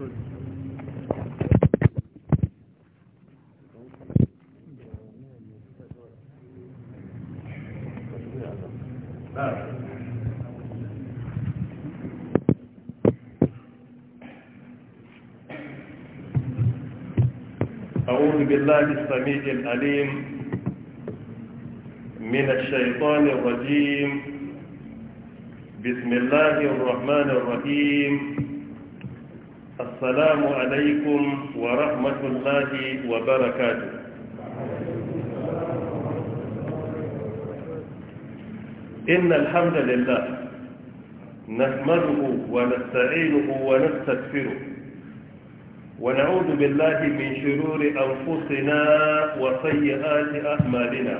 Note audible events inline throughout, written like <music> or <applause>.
أعوذ بالله السميع العليم من الشيطان الرجيم بسم الله الرحمن الرحيم السلام عليكم ورحمة الله وبركاته إن الحمد لله نحمده ونستعينه ونستغفره ونعوذ بالله من شرور أنفسنا وسيئات أعمالنا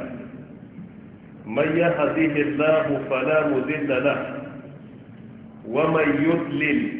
من يهديه الله فلا مذل له ومن يضلل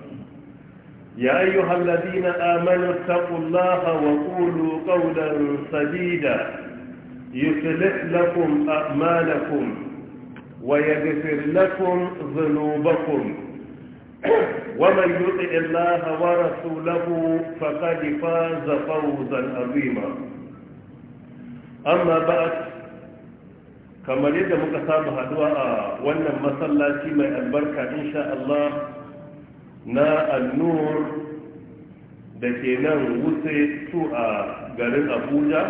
يا أيها الذين آمنوا اتقوا الله وقولوا قولا سديدا يصلح لكم أعمالكم ويغفر لكم ذنوبكم ومن يطع الله ورسوله فقد فاز فوزا عظيما أما بعد كما يجب أن هدوء وأن مسلاتي من البركة إن شاء الله na annur da ke nan wuce su a garin abuja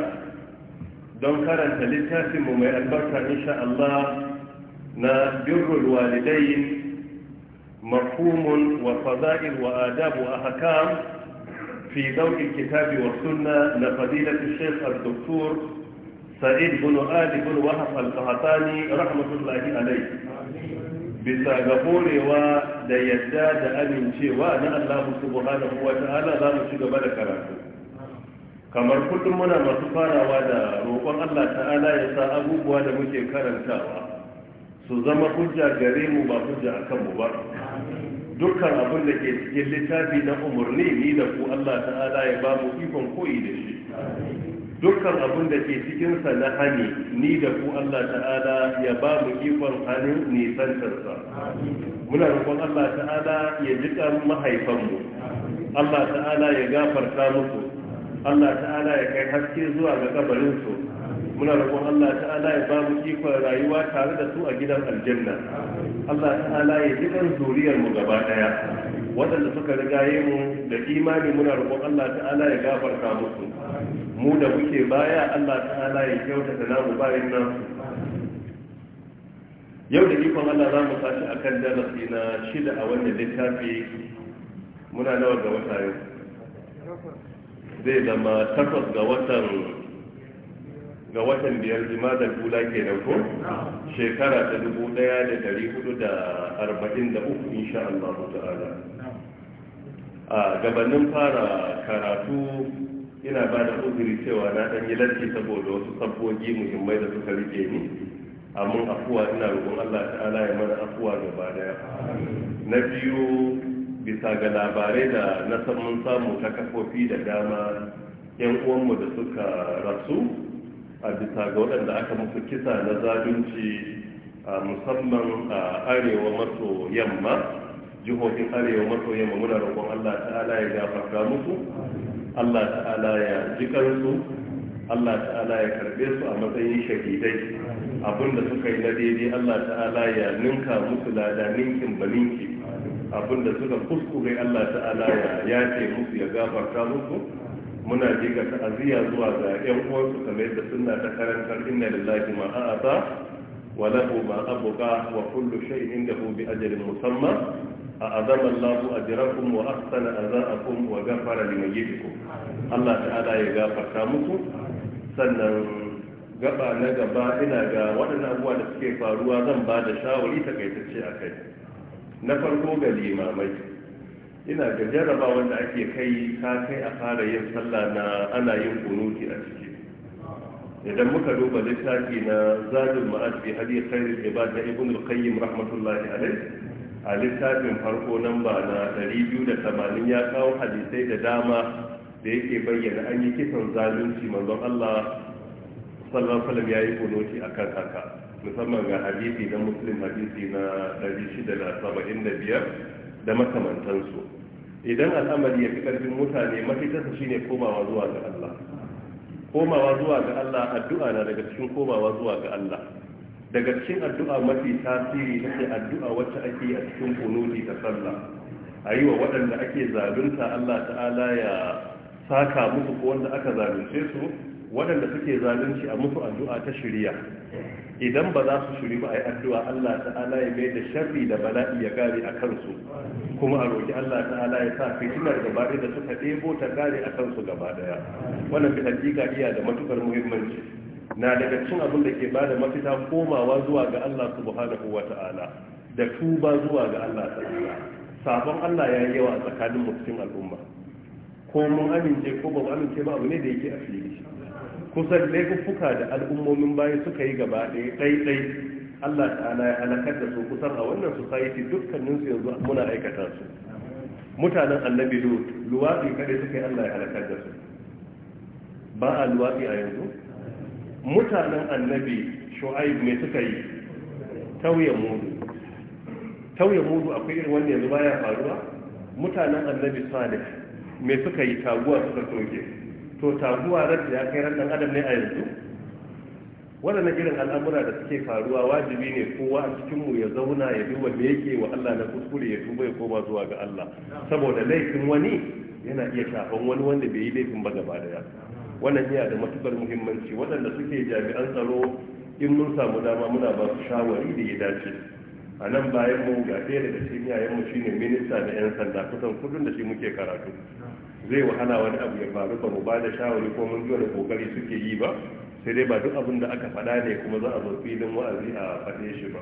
don karanta littafinmu mai albarka insha Allah na birrul walidai mafhumun wa fada'il wa adabu ahkam fi dawki kitabi wa sunna na fadilatu shaykh al-doktor sa'id bin ali bin wahab al rahmatullahi alayhi bisa ga horewa da yadda da amincewa na Allah subhanahu wa ta'ala za mu ci gaba da karatu kamar kullum muna masu farawa da roƙon Allah ta'ala ya sa abubuwa da muke karantawa su zama hujja gare mu ba hujja akan mu ba dukkan abin da ke cikin littafi na umarni ni da ku Allah ta'ala ya ba mu ikon koyi da shi dukkan abin da ke cikinsa na hani ni da ku Allah ta'ala ya ba mu ikon hannun nisantarsa muna roƙon Allah ta'ala ya ɗan mahaifanmu Allah ta'ala ya gafarta musu Allah ta'ala ya kai haske zuwa ga kabarinsu muna roƙon Allah ta'ala ya ba mu ikon rayuwa tare da su a gidan aljanna Allah ta'ala ya jiƙan zuriyar mu gaba ɗaya waɗanda suka rigaye mu da imani muna roƙon Allah ta'ala ya gafarta musu mu da muke baya Allah ta'ala ya kyauta da namu bayan nasu yau da ikon Allah za mu tashi a kan darasi na shida a wannan littafi muna nawa ga wata yau zai zama takwas ga watan ga watan biyar jimadar kula ke nan ko shekara ta dubu daya da dari hudu da arba'in da uku insha Allah ta'ala a gabanin fara karatu ina ba da uzuri cewa na ɗan yi larki saboda wasu sabbogi muhimmai da suka rike ni amma afuwa ina roƙon Allah ta'ala ya mana afuwa gaba daya na biyu bisa ga labarai da na san samu ta kafofi da dama yan uwanmu da suka rasu a bisa ga waɗanda aka musu kisa na zalunci musamman a arewa maso yamma jihohin arewa maso yamma muna roƙon Allah ta'ala ya gafarta musu Allah ta'ala ya jikarsu Allah ta'ala ya karbe su a matsayin shahidai abinda suka yi na daidai Allah ta'ala ya ninka musu lada ninkin ba ninki abinda suka kuskure Allah ta'ala ya yace musu ya gafarta musu muna jika ta'aziyya zuwa ga yan uwansu kamar yadda sunna ta karantar inna lillahi ma a'ata wa lahu ma abqa wa kullu shay'in indahu bi ajalin musamma A mu أعظم الله أجركم وأحسن أزاءكم وغفر لميتكم الله تعالى يغفر كامكم Sannan, gaba na gaba ina ga waɗannan abubuwa da suke faruwa zan ba da shawari takaitacce a kai na farko ga limamai ina ga jarrabawar da ake kai ta kai a fara yin sallah na ana yin kunuti a ciki idan muka duba littafi na zadul ma'ad bi hadi khairul ibad na ibn al-qayyim rahmatullahi alayh a littafin farko nan ba na 280 ya kawo hadisai da dama da yake bayyana an yi kisan zalunci manzon Allah sallallahu alaihi ya yi kunoti akan haka musamman ga hadisi na muslim hadisi na 675 da makamantansu idan al'amari ya fi karfin mutane mafitarsa shine komawa zuwa ga Allah komawa zuwa ga Allah addu'a na daga cikin komawa zuwa ga Allah daga cikin addu'a mafi tasiri na ke addu'a wacce ake a cikin kunudi ta sallah a yi wa waɗanda ake zalunta Allah ta'ala ya saka musu ko wanda aka zalunce su waɗanda suke zalunci a musu addu'a ta shirya idan ba za su shiri ba a yi addu'a Allah ta'ala ya mai da sharri da bala'i ya gare a kansu kuma a roki Allah ta'ala ya sa fitinar gaba da suka ɗebo ta gare a kansu gaba ɗaya wannan bi hakika iya da matukar muhimmanci na daga cin abin da ke ba da mafita komawa zuwa ga Allah subhanahu wa ta'ala da tuba zuwa ga Allah ta'ala sabon Allah ya yi yawa tsakanin mutum al'umma ko mun amince ko ba mu amince ba abu ne da yake a fili kusan laifuffuka da al'ummomin bayan suka yi gaba ɗaya ɗaiɗai Allah ta'ala ya halakar da su kusan a wannan society dukkaninsu yanzu muna aikata su mutanen annabi lut luwaɗi kada suka yi Allah ya halakar da su ba a luwaɗi a yanzu mutanen annabi shu'aib mai suka yi tauye mudu tauye mudu akwai irin wanda yanzu baya faruwa mutanen annabi salih mai suka yi taguwa suka soke. to taguwa ran ya kai ran adam ne a yanzu waɗannan irin al'amura da suke faruwa wajibi ne kowa a cikinmu ya zauna ya duba me yake wa Allah na kuskure ya tuba ya koma zuwa ga Allah saboda laifin wani yana iya shafan wani wanda bai yi laifin ba gaba daya wannan yana da matukar muhimmanci waɗanda suke jami'an tsaro in mun samu dama muna ba su shawari da ya dace a nan bayan mu ga ɗaya daga cikin yayan mu ne minista da yan sanda kusan kudin da shi muke karatu zai wahala wani abu ya faru ba mu ba da shawari ko mun ji wani kokari suke yi ba sai dai ba duk abin da aka faɗa ne kuma za a zo filin wa'azi a faɗe shi ba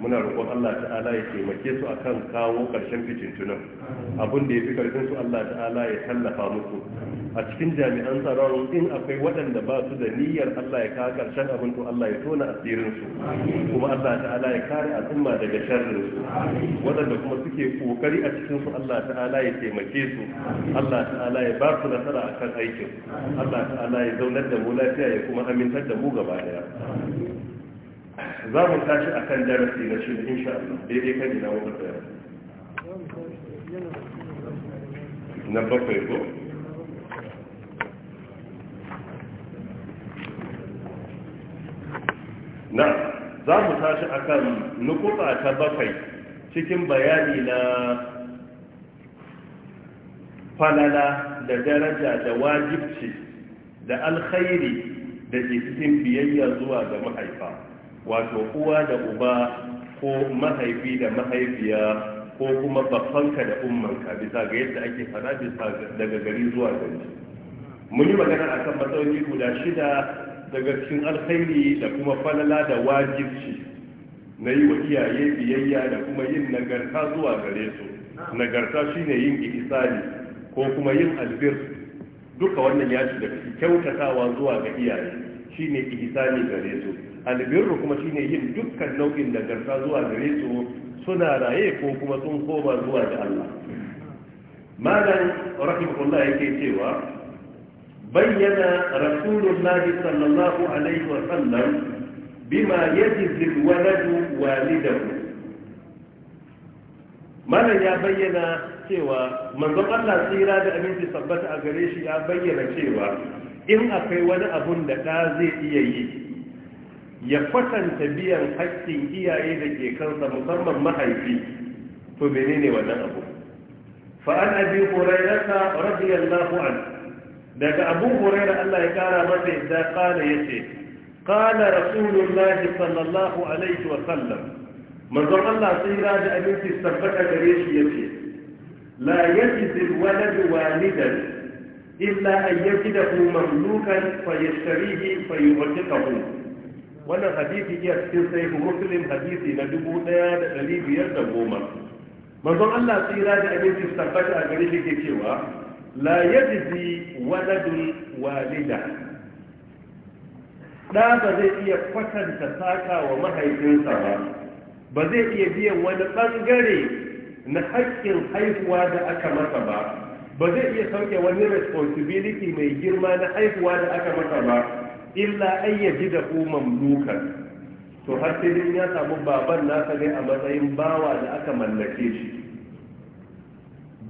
muna roƙon Allah ta'ala ya taimake su akan kawo ƙarshen fitintunan abin da ya fi ƙarfin su Allah ta'ala ya tallafa musu a cikin jami'an tsaron in akwai waɗanda ba su da niyyar Allah ya kawo ƙarshen abin to Allah ya tona asirin su kuma Allah ta'ala ya kare al'umma daga sharrin su waɗanda kuma suke ƙoƙari a cikin su Allah ta'ala ya taimake su Allah ta'ala ya ba su nasara a kan aikin Allah ta'ala ya zaunar da mu lafiya ya kuma amintar da mu gaba ɗaya. za mu tashi a kan darasi na shi insha Allah daidai kan ina wata na bakwai ko na za mu tashi akan nukuta ta bakwai cikin bayani na falala da daraja da wajibci da alkhairi da ke cikin biyayya zuwa ga mahaifa wato uwa da uba ko mahaifi da mahaifiya ko kuma babbanka da ummanka bisa ga yadda ake fara bisa daga gari zuwa gari mun yi magana akan matsayin guda shida daga cikin alkhairi da kuma falala da wajibci na yi wa iyaye biyayya da kuma yin nagarta zuwa gare su nagarta shine yin ihsani ko kuma yin albir duka wannan ya ci daga kyautatawa zuwa ga iyaye shine ihsani gare su albir kuma shine yin dukkan nau'in nagarta zuwa gare su suna raye ko kuma sun koma zuwa ga Allah malam rahimahullah yake cewa بين رسول الله صلى الله عليه وسلم بما يجزي الولد والده malam ya bayyana cewa manzon Allah tsira da aminci sabbata a gare shi ya bayyana cewa in akwai wani abun da ɗa zai iya yi ya kwatanta biyan haƙƙin iyaye da ke kansa musamman mahaifi to menene wannan abu fa'an abi hurairata radiyallahu anhu daga abu huraira Allah ya kara masa idza qala ce. qala rasulullahi sallallahu alaihi wa sallam manzon Allah sai ya da abinci tabbata gare shi ya yace la yajidu waladu walidan illa an yajidahu mamlukan fayashtarihi fayu'tiqahu wannan hadisi iya cikin sahihu muslim hadisi na dubu da da biyar 1510 manzon Allah sai ya da abinci tabbata gare shi ke cewa la yajzi waladul walida ɗa zai iya kwatanta saka wa mahaifinsa ba ba zai iya biyan wani ɓangare na haƙƙin haihuwa da aka masa ba ba zai iya sauke wani responsibility mai girma na haihuwa da aka masa ba illa ji da umam dukan to har sai dai ya samu baban nasa ne a matsayin bawa da aka mallake shi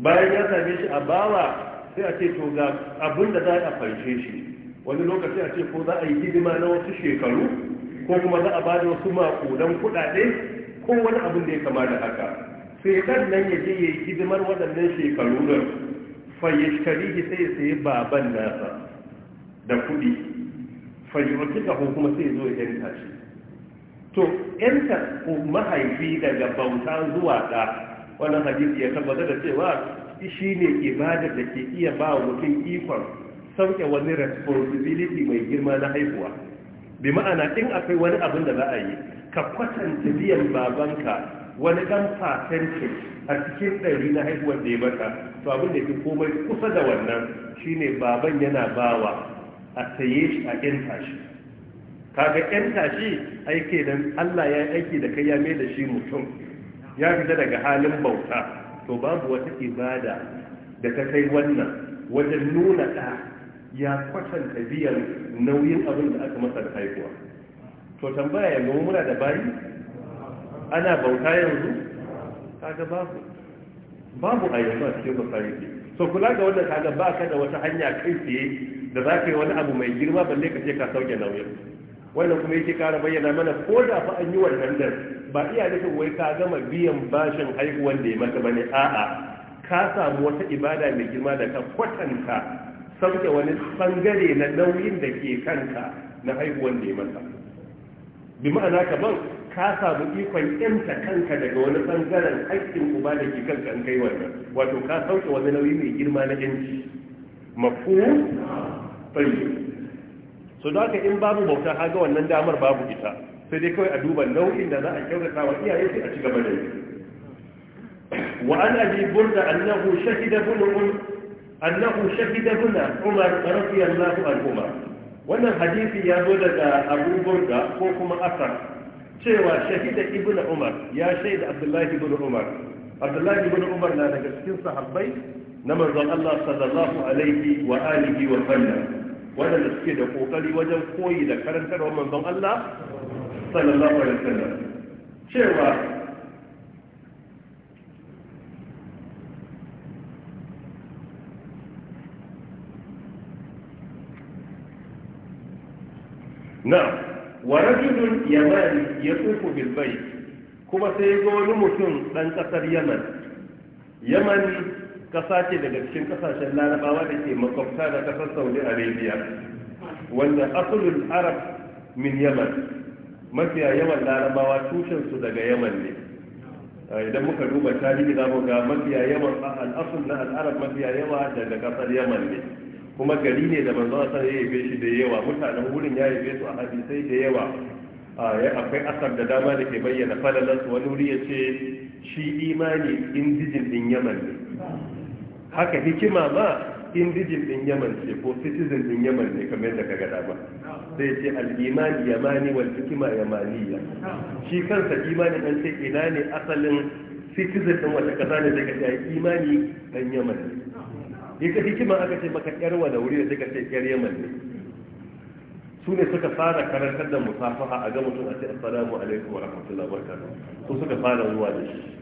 bayan ya same shi a bawa sai a ce to ga abin da za a farce shi wani lokaci a ce ko za a yi hidima na wasu shekaru ko kuma za a ba da wasu makonan kuɗaɗe ko wani abin da ya kama da haka sai ɗan nan ya je ya yi hidimar waɗannan shekaru nan fayyashkarihi sai ya sayi baban nasa da kuɗi fayyarki ko kuma sai ya zo ya yanka shi to yanta mahaifi daga bauta zuwa ɗa wannan hadisi ya tabbatar da cewa shi ne ibadar da ke iya ba wa mutum ikon sauke wani responsibility mai girma na haihuwa bi ma'ana in akwai wani abin da za a yi ka kwatanta biyan babanka wani ɗan fatance a cikin ɗari na haihuwar da ya baka to abin da fi komai kusa da wannan shine baban yana bawa a saye shi a yanta shi kaga yanta shi aike don Allah ya aiki da kai ya mai da shi mutum ya fita daga halin bauta to babu wata ibada da ta kai wannan wajen nuna ɗa ya kwatanta biyan nauyin abin da aka masa da haihuwa to tambaya yanzu muna da bayi ana bauta yanzu kaga babu babu a yanzu a cikin society so kula ga wannan kaga ba ka da wata hanya kai tsaye da za ka yi wani abu mai girma balle ka ce ka sauke nauyin wannan kuma yake kara bayyana mana ko da fa an yi wannan dan ba iya da wai ka gama biyan bashin haihuwan da ya maka bane a'a ka samu wata ibada mai girma da ka kwatanta sauke wani bangare na nauyin da ke kanka na haihuwan da ya maka bi ma'ana ban ka samu ikon yanta kanka daga wani bangaren haƙƙin uba da ke kanka an kai wannan wato ka sauke wani nauyi mai girma na yanci mafu Tayyib. so da haka in babu bauta haga wannan damar babu ita sai dai kawai a duba nau'in da za a kyautata wa iyaye su a ci gaba da yi wa an abi burda annahu shahida bunun um, annahu shahida buna umar radiyallahu anhu wannan hadisi ya zo daga abu burda ko kuma asar cewa shahida ibnu umar ya shaida abdullahi ibn umar abdullahi ibn umar na daga cikin sahabbai na manzon Allah sallallahu alaihi wa alihi wa sallam waɗanda suke da kokari wajen koyi da karantarwa manzon Allah sallallahu alaihi wasallam cewa na wa yamani ya bil bayt kuma sai ya zo wani mutum ɗan ƙasar Yaman Yamani. ƙasa ce daga cikin ƙasashen larabawa da ke makwabta da ƙasar saudi arabia wanda asulul arab min yaman mafiya yawan larabawa tushensu daga yaman ne idan muka duba tarihi za mu ga mafiya yawan al'asul na al'arab mafiya yawa daga kasar yaman ne kuma gari ne da manzo a ya yabe shi da yawa mutanen wurin ya yabe su a hadisai da yawa akwai asar da dama da ke bayyana falalar wani wuri ya ce shi imani indijin din yaman ne haka hikima ma indijin din yaman ce ko citizen din yaman ne kamar yadda ka gada ba sai ce al'imani yamani wal hikima yamaniya shi kansa imani dan ce ina ne asalin citizen din wata kasa ne daga ta imani dan yaman ne ita hikima aka ce maka yar wa da wuri da suka ce yar yaman ne su ne suka fara karantar da musafaha a ga mutum a ce assalamu alaikum wa rahmatullahi wa barakatuh su suka fara zuwa da shi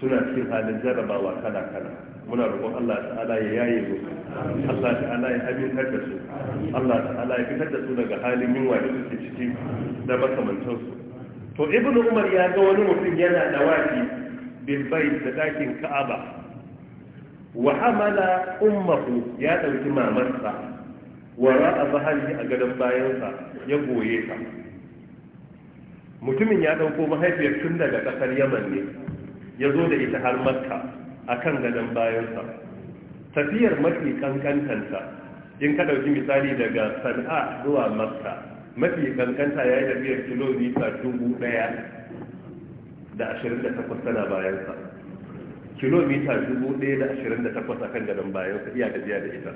suna cikin halin jarrabawa kala kala muna roƙon Allah ta'ala ya yaye su Allah ta'ala ya amintar da su Allah ta'ala ya fitar da su daga halin yunwa da suke ciki da makamantan su to ibnu umar ya ga wani mutum yana wafi bil bait da dakin ka'aba wa hamala ummuhu ya dauki mamarsa wara a bahari a gadon bayansa ya goye ta mutumin ya dauko mahaifiyar tun daga kasar yaman ne ya zo da ita har makka a kan gadon bayansa tafiyar mafi kankantanta in ka ɗauki misali daga sana'a zuwa makka mafi kankanta ya yi tafiyar kilomita dubu ɗaya da ashirin da takwas tana bayansa kilomita dubu ɗaya da ashirin da takwas a kan gadon bayansa iya tafiya da ita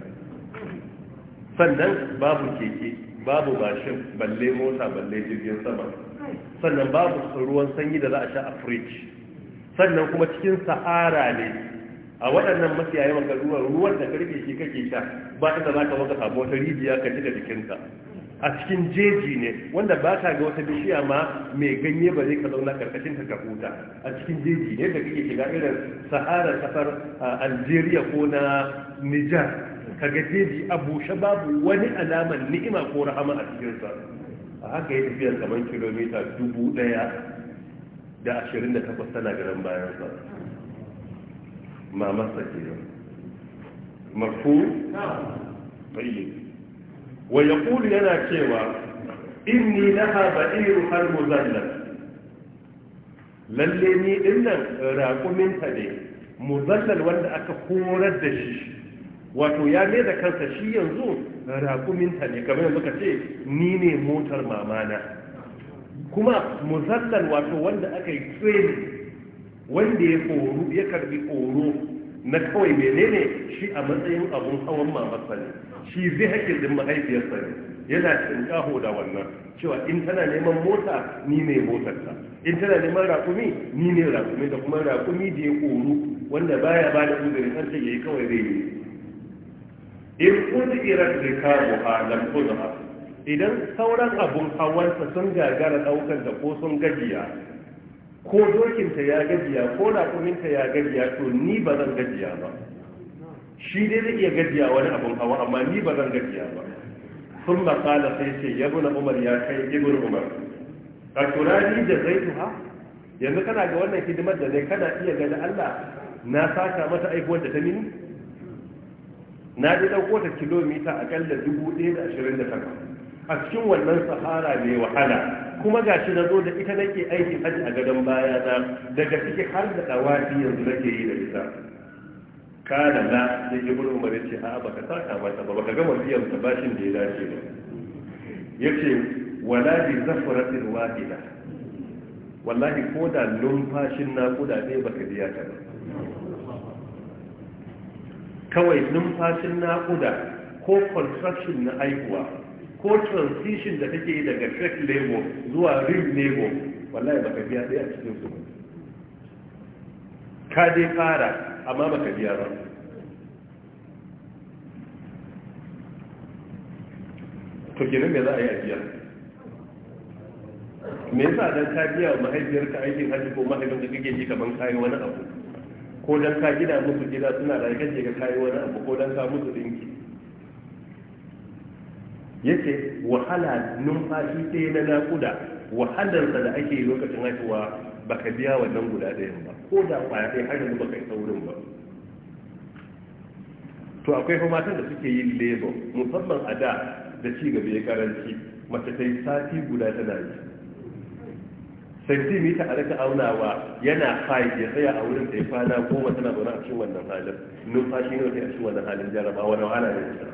sannan babu keke babu bashin balle mota balle jirgin sama sannan babu ruwan sanyi da za a sha a fridge sannan kuma cikin sahara ne a waɗannan masiyayi maka ruwan da karfe shi kake sha ba inda za ka wata samu wata rijiya ka da jikinka a cikin jeji ne wanda ba ka ga wata bishiya ma mai ganye ba zai ka zauna karkashin ta ka huta a cikin jeji ne da kake shiga irin sahara kasar algeria ko na nijar ga jeji a bushe babu wani alaman ni'ima ko rahama a cikinsa a haka ya tafiyar kamar kilomita dubu ɗaya da takwas tana garin ma masa ke yau marfu bayi wa ya kuli yana cewa inni haɓa iru har muzallar lalle ni dinnan ta ne muzallar wanda aka horar da shi wato ya ne da kansa shi yanzu Rakumin ta ne kamar yanzu ka ce ni ne motar mamana kuma musallan wato wanda aka yi tsere wanda ya koru ya karbi koro na kawai menene shi a matsayin abun hawan mamarsa shi zai hake din mahaifiyarsa ne yana kaho da wannan cewa in tana neman mota ni ne motarsa in tana neman rakumi ni ne raƙumi da kuma raƙumi da ya koru wanda baya ba da uzurin harshe ya yi kawai zai yi in kudirar kawo a lamfuzuwa idan sauran abun hawansa sun gagara ɗaukar da ko sun gajiya ko dokinta ya gajiya ko raƙuminta ya gajiya to ni ba zan gajiya ba shi dai zai iya gajiya wani abun hawa amma ni ba zan gajiya ba sun maƙala sai ce ya na umar ya kai ibn umar a turari da tuha yanzu kana ga wannan hidimar da zai kana iya gada allah na saka mata aihuwar da ta mini na ji ɗauko ta kilomita aƙalla dubu ɗaya da ashirin da takwas a cikin wannan sahara mai wahala kuma ga shi na zo da ita nake aiki hajji a gadon baya na daga ciki har da dawafi yanzu nake yi da ita kana na sai ibn umar ya ce a baka saka mata ba baka gama biyan ta bashin da ya dace ba yace wala bi zafratin wahida wallahi ko da numfashin na kuda ne baka biya ta ba kawai numfashin na kuda ko construction na aihuwa ko transition da take yi daga track level zuwa rim level wallahi baka biya ɗaya a cikin su ka dai fara amma baka biya ba to kenan me za a yi a biya me yasa dan ka biya wa mahaifiyarka aikin hajji ko mahaifin da kake ji kaman kayi wani abu ko dan ka gida musu gida suna da kake ga kayi wani abu ko dan ka musu dinki ce wahala numfashi ɗaya na naƙuda wahalarsa da ake lokacin haihuwa ka biya wannan guda ɗayan ba ko da ba ya har yanzu baka yi saurin ba to akwai kuma matan da suke yin labor musamman a da da ci gaba ya karanci mace ta yi sati guda tana yi Santimita a rika aunawa yana fai ya tsaya a wurin sai kwana goma tana zaune a cikin wannan halin numfashi ne a cikin wannan halin jarabawa wani wahala ne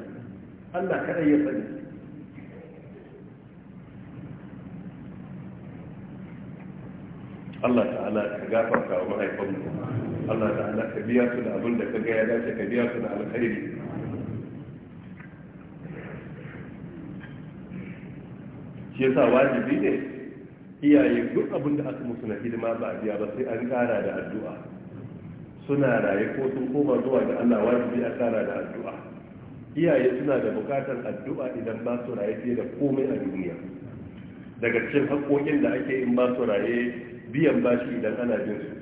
Allah kaɗai ya sani Allah ta'ala ka gafarta wa mahaifanmu Allah ta'ala ka biya su da abin da ka ga ya dace ka biya su da alkhairi shi yasa wajibi ne iyaye duk abin da aka musu na hidima ba a biya ba sai an kara da addu'a suna raye ko sun koma zuwa ga Allah wajibi a kara da addu'a iyaye suna da bukatar addu'a idan ba su raye fiye da komai a duniya daga cikin haƙoƙin da ake in ba su raye biyan bashi idan ana bin su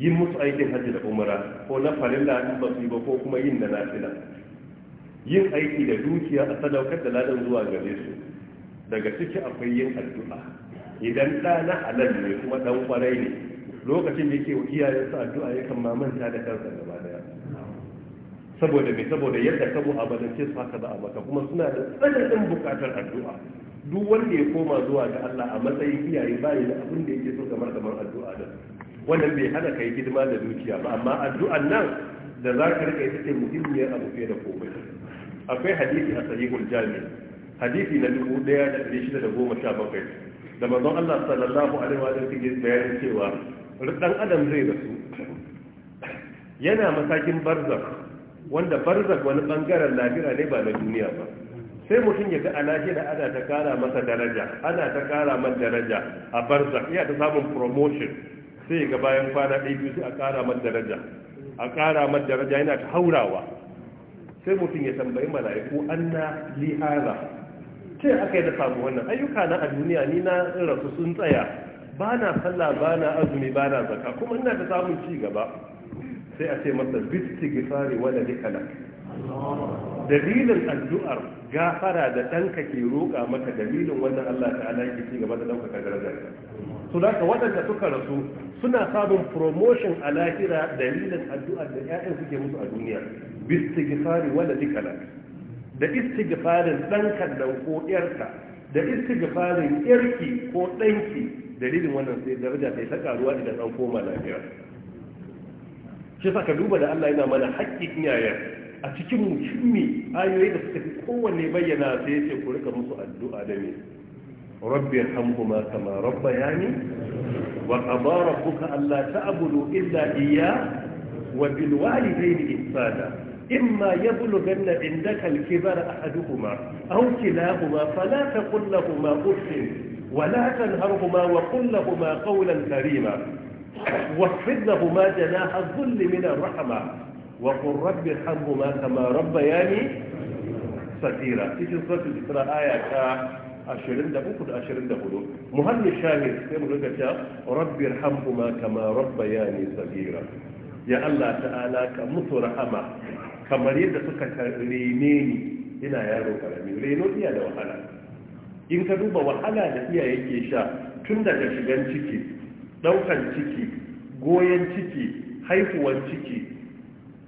yin musu aikin hajji da umara ko na farilla in ba su yi ba ko kuma yin da nafila yin aiki da dukiya a sadaukar da ladan zuwa gare su daga ciki akwai yin addu'a idan ɗa na halal ne kuma ɗan kwarai ne lokacin da yake wa iyayensa addu'a ya kan mamanta da kansa gaba daya saboda mai saboda yadda kabo a badance su haka za a maka kuma suna da tsananin bukatar addu'a duk wanda ya koma zuwa ga Allah a matsayin iyaye bayi da abin da yake so kamar kamar addu'a da wannan bai hana kai hidima da dukiya ba amma addu'an nan da za ka rika ita ce muhimmiyar abu fiye da komai akwai hadisi a sahihul jami hadisi na 1617 da manzon Allah sallallahu alaihi wa sallam yake bayanin cewa dan adam zai rasu yana masakin barzak wanda barzak wani bangaren lafira ne ba na duniya ba sai mutum ya ga a da ana ta kara masa daraja ana ta kara masa daraja a barza iya ta samun promotion sai ga bayan kwana ɗaya biyu sai a kara masa daraja a kara masa daraja yana ta haurawa sai mutum ya tambayi mala'iku anna lihara ce aka yi da samu wannan ayyuka na a duniya ni na rasu sun tsaya ba na sallah ba na azumi ba na zaka kuma ina ta samun ci gaba sai a ce masa bistigifari gifari ne likalak dalilin addu'ar gafara da ɗanka ke roƙa maka dalilin wannan Allah ta'ala yake ci gaba da ka daraja su da waɗanda suka rasu suna samun promotion a lahira dalilin addu'ar da ‘ya'yan suke musu a duniya bistigifari wanda dikala da istigifarin ɗanka da ko ‘yarka da istigifarin ‘yarki ko ɗanki dalilin wannan sai daraja ta ta ƙaruwa idan an koma lafiya. shi saka duba da Allah yana mana haƙƙin iyayen a cikin muhimmi ayoyi da suka fi kowanne bayyana sai ya ce ku rika musu addu'a da me rabbi yarhamhuma kama rabbayani wa qada allah alla ta'budu illa iyya wa bil walidayni ihsana imma yablughanna indaka al kibara ahaduhuma aw kilahuma fala taqul lahumā uff wa la tanharhumā wa qul lahumā qawlan karīmā wa واخفض لهما جناح الذل من الرحمه wa qur rabbi irhamhuma kama ne? saghira cikin suratul isra aya ta 23 da 24 muhammin shahid sai mu ga ta rabbi irhamhuma kama rabbayani saghira ya Allah ta'ala ka mutu rahama kamar yadda suka rene ni ina yaro karami reno iya da wahala in ka duba wahala da iyaye ke sha tun daga shigan ciki daukan ciki goyon ciki haihuwan ciki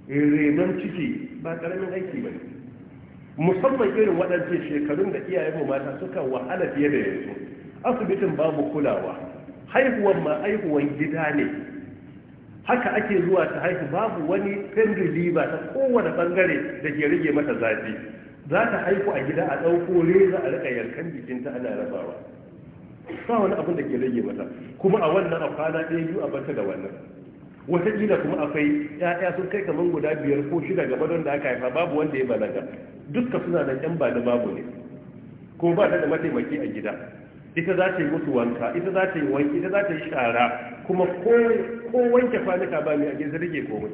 renon ciki ba karamin aiki ba musamman irin waɗance shekarun da iyayen mu mata suka wahala fiye da yanzu asibitin babu kulawa haihuwan ma haihuwan gida ne haka ake zuwa ta haihu babu wani pain reliever ta kowane bangare da ke rage mata zafi za ta haihu a gida a ɗauko reza a rika yankan jikinta ana rabawa ba wani abin da ke rage mata kuma a wannan a kwana ɗaya biyu a bata da wannan gina kuma akwai ya'ya sun kai kamar guda biyar ko shida gaba don da aka haifa babu wanda ya balaga duka suna da yan bani babu ne ko ba ta da mataimaki a gida ita za ta yi musu wanka ita za ta yi wanki ita za ta yi shara kuma ko wanke kwanuka ba mai a gida rage komai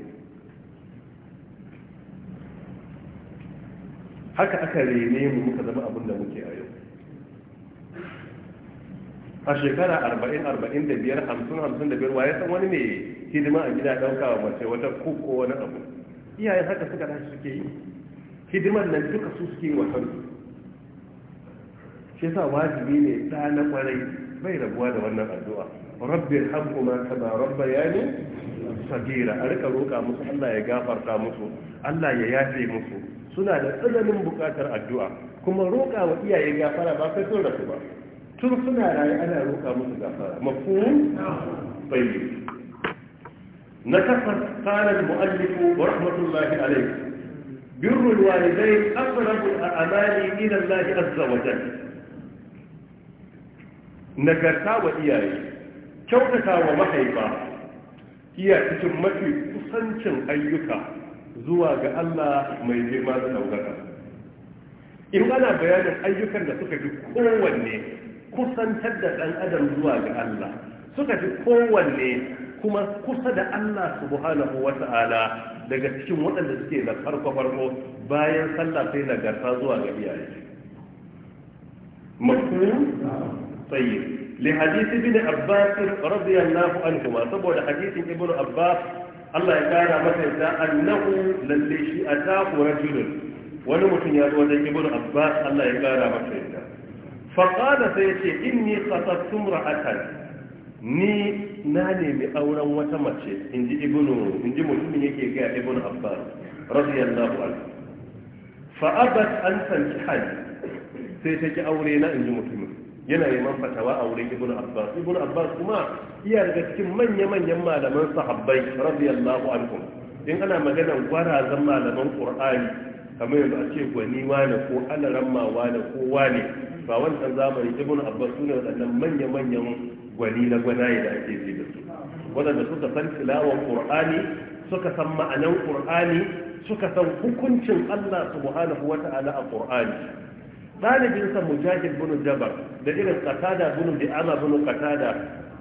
haka aka rene mu muka zama abin da muke a yau a shekara 40 45 50 55 waye san wani ne hidima a gida ɗauka wa mace wata wani abu iyayen haka suka tashi suke yi hidimar nan duka su suke wa su shi yasa wajibi ne ta na kwarai bai rabuwa da wannan addu'a rabbir hamkuma kama rabba ne sagira a rika roƙa musu Allah ya gafarta musu Allah ya yafe musu suna da tsananin buƙatar addu'a kuma roƙa wa iyaye gafara ba sai sun rasu ba tun suna raye ana roƙa musu gafara mafhum bayyana na takwas tsarar mu'allifu wa rahmatullahi alaihi Birru walidai aqrabul a'mali ila Allah azza wa jalla nagarta wa iyaye kyautata wa mahaifa iya cikin mafi kusancin ayyuka zuwa ga Allah mai girma da ɗaukaka in ana bayanin ayyukan da suka fi kowanne kusantar da ɗan adam zuwa ga Allah suka fi kowanne kuma kusa da Allah subhanahu wa ta'ala daga cikin waɗanda suke da farko farko bayan sallah sai nagarta zuwa ga iyaye mafhum tayyib li hadith ibn abbas radiyallahu anhu saboda hadithin ibn abbas Allah ya kara masa da annahu lalle shi ataku rajulun wani mutum ya zo wajen ibn abbas Allah ya kara masa da fa qala sai ce inni khatastum ra'atan ni na nemi auren wata mace in ji ibnu in ji mutumin yake ga ibn abbas radiyallahu anhu fa abat an sanki hali sai ta ki aure na in ji mutumin yana neman fatawa a wurin ibnu abbas ibn abbas kuma iya daga cikin manya-manyan malaman sahabbai radiyallahu anhum in ana maganar gwarazan malaman qur'ani kamar yanzu a ce gwani wane ko alaramma wane ko wane ba wancan zamani ibn abbas sune waɗannan manya-manyan gwani na gwanaye da ake ji da su waɗanda suka san tilawar ƙur'ani suka san ma'anan ƙur'ani suka san hukuncin Allah subhanahu wata'ala a qur'ani ɗalibin sa mujahid bin jabar da irin qatada bin bi'ama bin qatada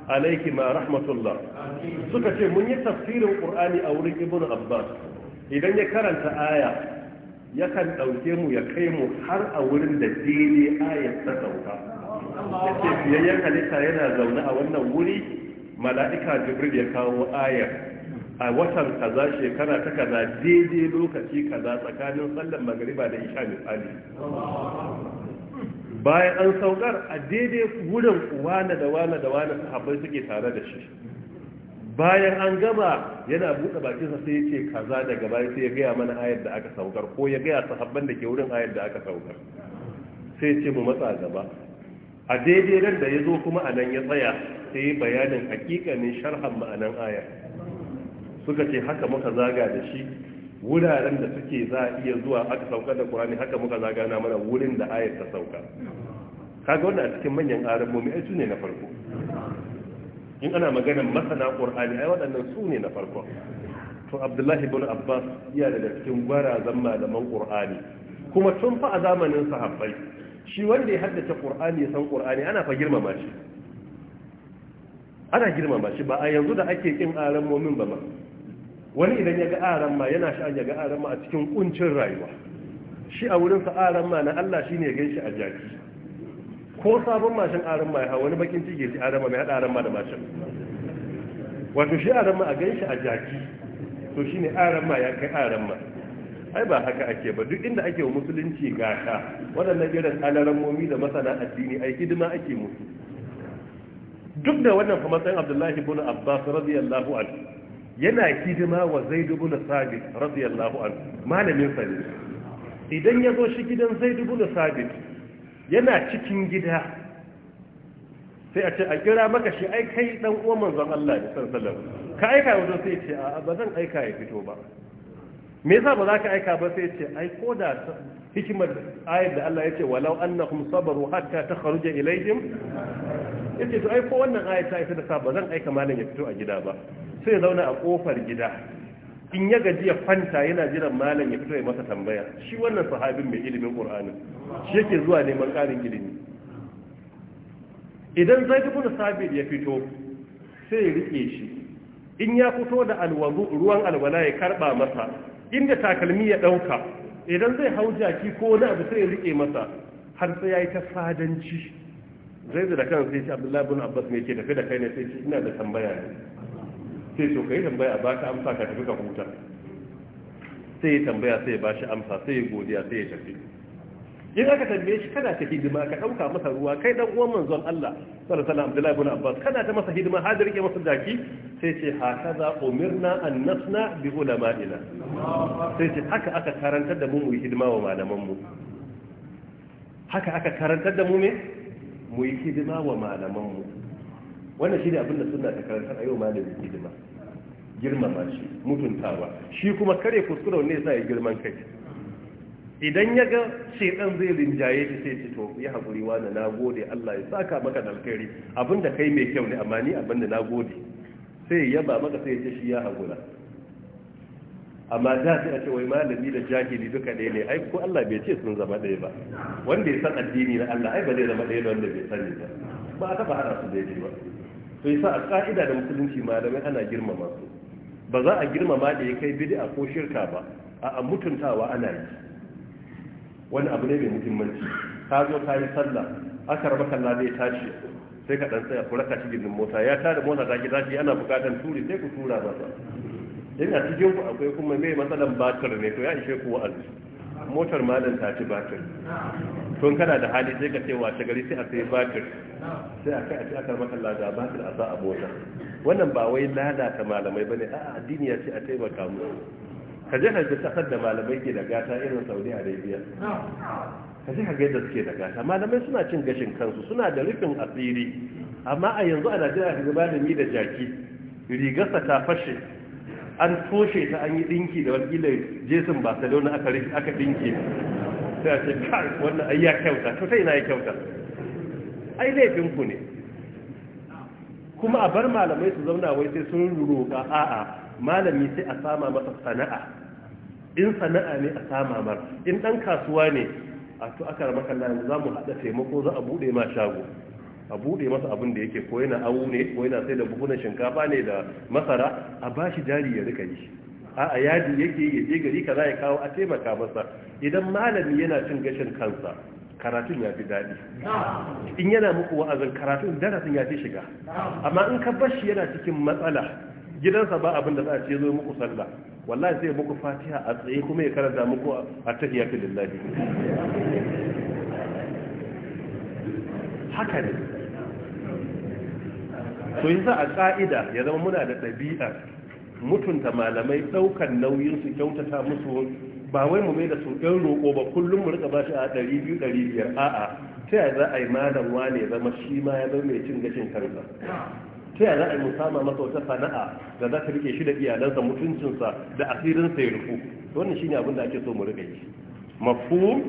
alayhi ma rahmatullah suka ce mun yi tafsirin ƙur'ani a wurin ibn abbas idan ya karanta aya yakan ɗauke mu ya kai mu har a wurin da dele ayat ta sauka yake biyayyen halitta yana zaune a wannan wuri mala'ika jibril ya kawo ayar a watan kaza shekara ta kaza daidai lokaci kaza tsakanin sallan magariba da isha misali bayan an saukar a daidai wurin wane da wane da wane sahabbai suke tare da shi bayan an gama yana buɗe bakinsa sai yace kaza daga bayan sai ya gaya mana ayar da aka saukar ko ya gaya sahabban da ke wurin ayar da aka saukar sai ce mu matsa gaba a daidai ran da ya zo kuma a nan ya tsaya sai bayanin hakikanin sharhan ma'anan aya suka ce haka muka zaga da shi wuraren da suke za a iya zuwa aka sauka da ƙurani haka muka zaga na mana wurin da ayar ta sauka kaga wannan a cikin manyan arabomi mai su ne na farko in ana maganar masana ƙur'ani ai waɗannan su ne na farko to abdullahi ibn abbas iya daga cikin gwarazan malaman ƙur'ani kuma tun fa a zamanin sahabbai shi wanda ya haddace qur'ani ya san qur'ani ana fa girmama shi ana girmama shi ba a yanzu da ake kin aran mumin ba ma wani idan ya ga aran ma yana sha'an ya ga aran ma a cikin kuncin rayuwa shi a wurin sa aran ma na Allah shine ya ganshi a jaki ko sabon mashin aran ma ya hau wani bakin ciki shi aran ma mai hada aran ma da mashin wato shi aran ma a ganshi a jaki to shine aran ma ya kai aran ma ai ba haka ake ba duk inda ake wa musulunci gata waɗannan irin momi da masana addini ai hidima ake musu duk da wannan kuma sayan abdullahi ibn abbas radiyallahu anhu yana hidima wa zaid ibn sabit radiyallahu anhu malamin sa ne idan ya zo shi gidan zaid ibn sabit yana cikin gida sai a ce a kira maka shi ai kai dan uwan manzon Allah sallallahu alaihi wasallam ka aika wajen sai ce a ba zan aika ya fito ba me yasa ba za ka aika ba sai ce ai ko da hikimar ayar da Allah ya ce walau annahum sabaru hatta takhruja ilayhim yace to ai ko wannan ayar ta ita da sa ba zan aika malam ya fito a gida ba sai ya zauna a kofar gida in ya gaji ya fanta yana jiran malam ya fito ya masa tambaya shi wannan sahabin mai ilimin qur'ani shi yake zuwa neman karin ilimi idan zaid ibn sabit ya fito sai ya rike shi in ya fito da alwazu ruwan alwala ya karba masa inda takalmi ya ɗauka idan zai hau jaki ko wani abu sai ya riƙe masa har sai ya yi ta fadanci zai da kan sai ce abdullahi bin abbas ne ke tafi da kai ne sai ce ina da tambaya ne sai to kai tambaya ba ka amsa ka tafi ka huta sai ya tambaya sai ya ba shi amsa sai ya godiya sai ya tafi in aka tambaye shi kada ka hidima ka ɗauka masa ruwa kai ɗan uwan manzon Allah sallallahu alaihi abdullahi ibn abbas kana ta masa hidima har da rike masa daki sai ce haka hakaza umirna an nasna bi ulama'ina sai ce haka aka karantar da mu mu hidima wa malaman mu haka aka karantar da mu ne mu yi hidima wa malaman mu shi ne abin da sunna ta karantar ayo malami hidima girmama shi mutuntawa shi kuma kare kuskure ne sa sai girman kai idan ya ga shaidan zai rinjaye shi sai ci to ya haƙuri wani na gode Allah ya saka maka da alkhairi abinda kai mai kyau ne amma ni abinda na gode sai ya ba maka sai ya ce shi ya haƙura amma da sai a cewa wai malami da jahili duka ɗaya ne ai ko Allah bai ce sun zama ɗaya ba wanda ya san addini na Allah ai ba zai zama ɗaya da wanda bai sani ba ba a taɓa hana su daidai ba to yasa a ka'ida da musulunci malamai ana girmama su ba za a girmama da ya kai bid'a ko shirka ba a mutuntawa ana yi wani abu ne mai muhimmanci ka zo ka yi sallah aka raba kalla zai tashi sai ka dan tsaya ku raka shi gindin mota ya tada mota ta ki tashi ana bukatar turi sai ku tura masa in a cikin ku akwai kuma mai matsalan batir ne to ya ishe ku azu motar malam ta ci batir to kana da hali sai ka ce wace gari sai a sai batir sai a kai a ce aka raba kalla da batir a sa a mota wannan ba wai lalata malamai bane a'a addini ya ce a taimaka mu ka je ka kasar da malamai ke da gata irin saudi arabia ka ji hagai yadda suke da gata malamai suna cin gashin kansu suna da rufin asiri amma a yanzu a najeriya ka gaba da ni da jaki rigarsa ta fashe an toshe ta an yi dinki da wani wakila jason barcelona aka aka dinki sai a ce kai wannan ai ya kyauta to sai na ya kyauta ai laifin ku ne kuma a bar malamai su zauna wai sai sun roƙa a'a malami sai a sama masa sana'a in sana'a ne a samamar. in dan kasuwa ne a to aka rama kallon yanzu za mu haɗa taimako za a buɗe ma shago a buɗe masa abin da yake ko yana awu ne ko yana sai da buhunan shinkafa ne da masara a ba shi jari ya rika yi a yadi yake ya je gari ka za ya kawo a taimaka masa idan malami yana cin gashin kansa karatun ya fi daɗi in yana muku wa'azin karatun darasin ya fi shiga amma in ka bashi yana cikin matsala gidansa ba abin da za a ce zo muku sallah wallahi zai muku fatiha a tsaye kuma ya karanta muku a tahiyatu lillahi haka ne to yasa a ƙa'ida ya zama muna da ɗabi'a mutunta malamai ɗaukan nauyin su kyautata musu ba wai mu mai da su ɗan roƙo ba kullum mu rika bashi a ɗari biyu ɗari biyar a'a ta za a yi malam wane zama shi ma ya zama mai cin gashin kansa ta yaya za a yi musama masa wata sana'a da za ta rike shi da iyalansa mutuncinsa da sa ya rufu wannan shine abin da ake so mu rike yi mafu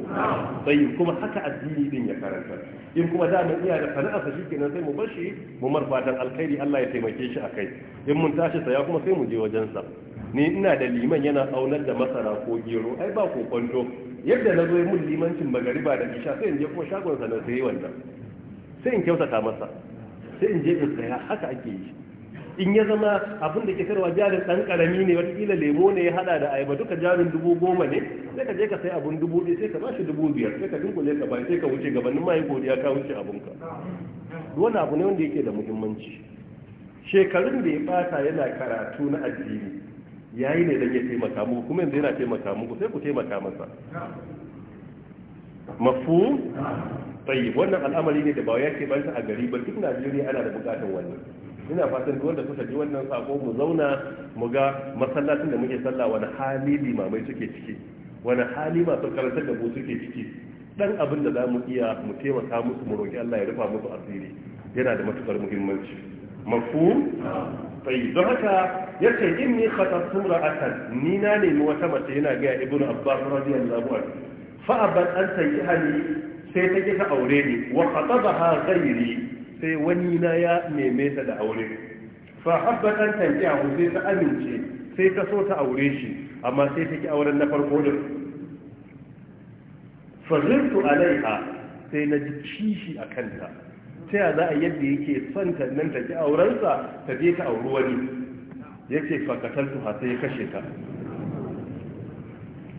sai kuma haka addini din ya karanta in kuma da mun iya da sana'a sa nan sai mu bar shi mu marfatan alkhairi Allah ya taimake shi akai in mun tashi sa ya kuma sai mu je wajen sa ni ina da liman yana aunar da masara ko gero ai ba ko kwanto yadda na zo mun limancin magariba da isha sai in je kuma shagon sa na sai wannan sai in kyautata masa sai in je in saya haka ake yi in ya zama abin da ke karwa jarin dan karami ne watakila lemo ne ya hada da ayaba duka jarin dubu goma ne sai ka je ka sai abun dubu ɗaya sai ka bashi dubu biyar sai ka dunkule ka bai sai ka wuce gabanin ma godiya ka wuce ka. wani abu ne wanda yake da muhimmanci shekarun da ya fasa yana karatu na addini yayi ne dan ya taimaka muku kuma yanzu yana taimaka muku sai ku taimaka masa mafu bayi wannan al'amari ne da ba ya ke banta a gari ba duk najeriya ana da bukatan wannan ina fatan duk wanda kuka ji wannan sako mu zauna mu ga masallacin da muke sallah wani hali limamai suke ciki wani hali masu karanta da mu suke ciki dan abin da zamu iya mu taimaka musu mu roki Allah ya rufa musu asiri yana da matukar muhimmanci mafhum Tayi, don haka yace inni khatabtu ra'atan ni na nemi wata mace yana ga ibnu abbas radiyallahu anhu fa abat an hali. sai ta kisa aure ne wa ha ghairi sai wani na ya neme ta da aure fa habbatan abu sai ta amince sai ta so ta aure shi amma sai ta ki auren na farko din fa zirtu alaiha sai na ji kishi a kanta ta za a yadda yake son ta nan ta ki aurensa ta je ta auri wani yace fa qataltu ha sai ya kashe ta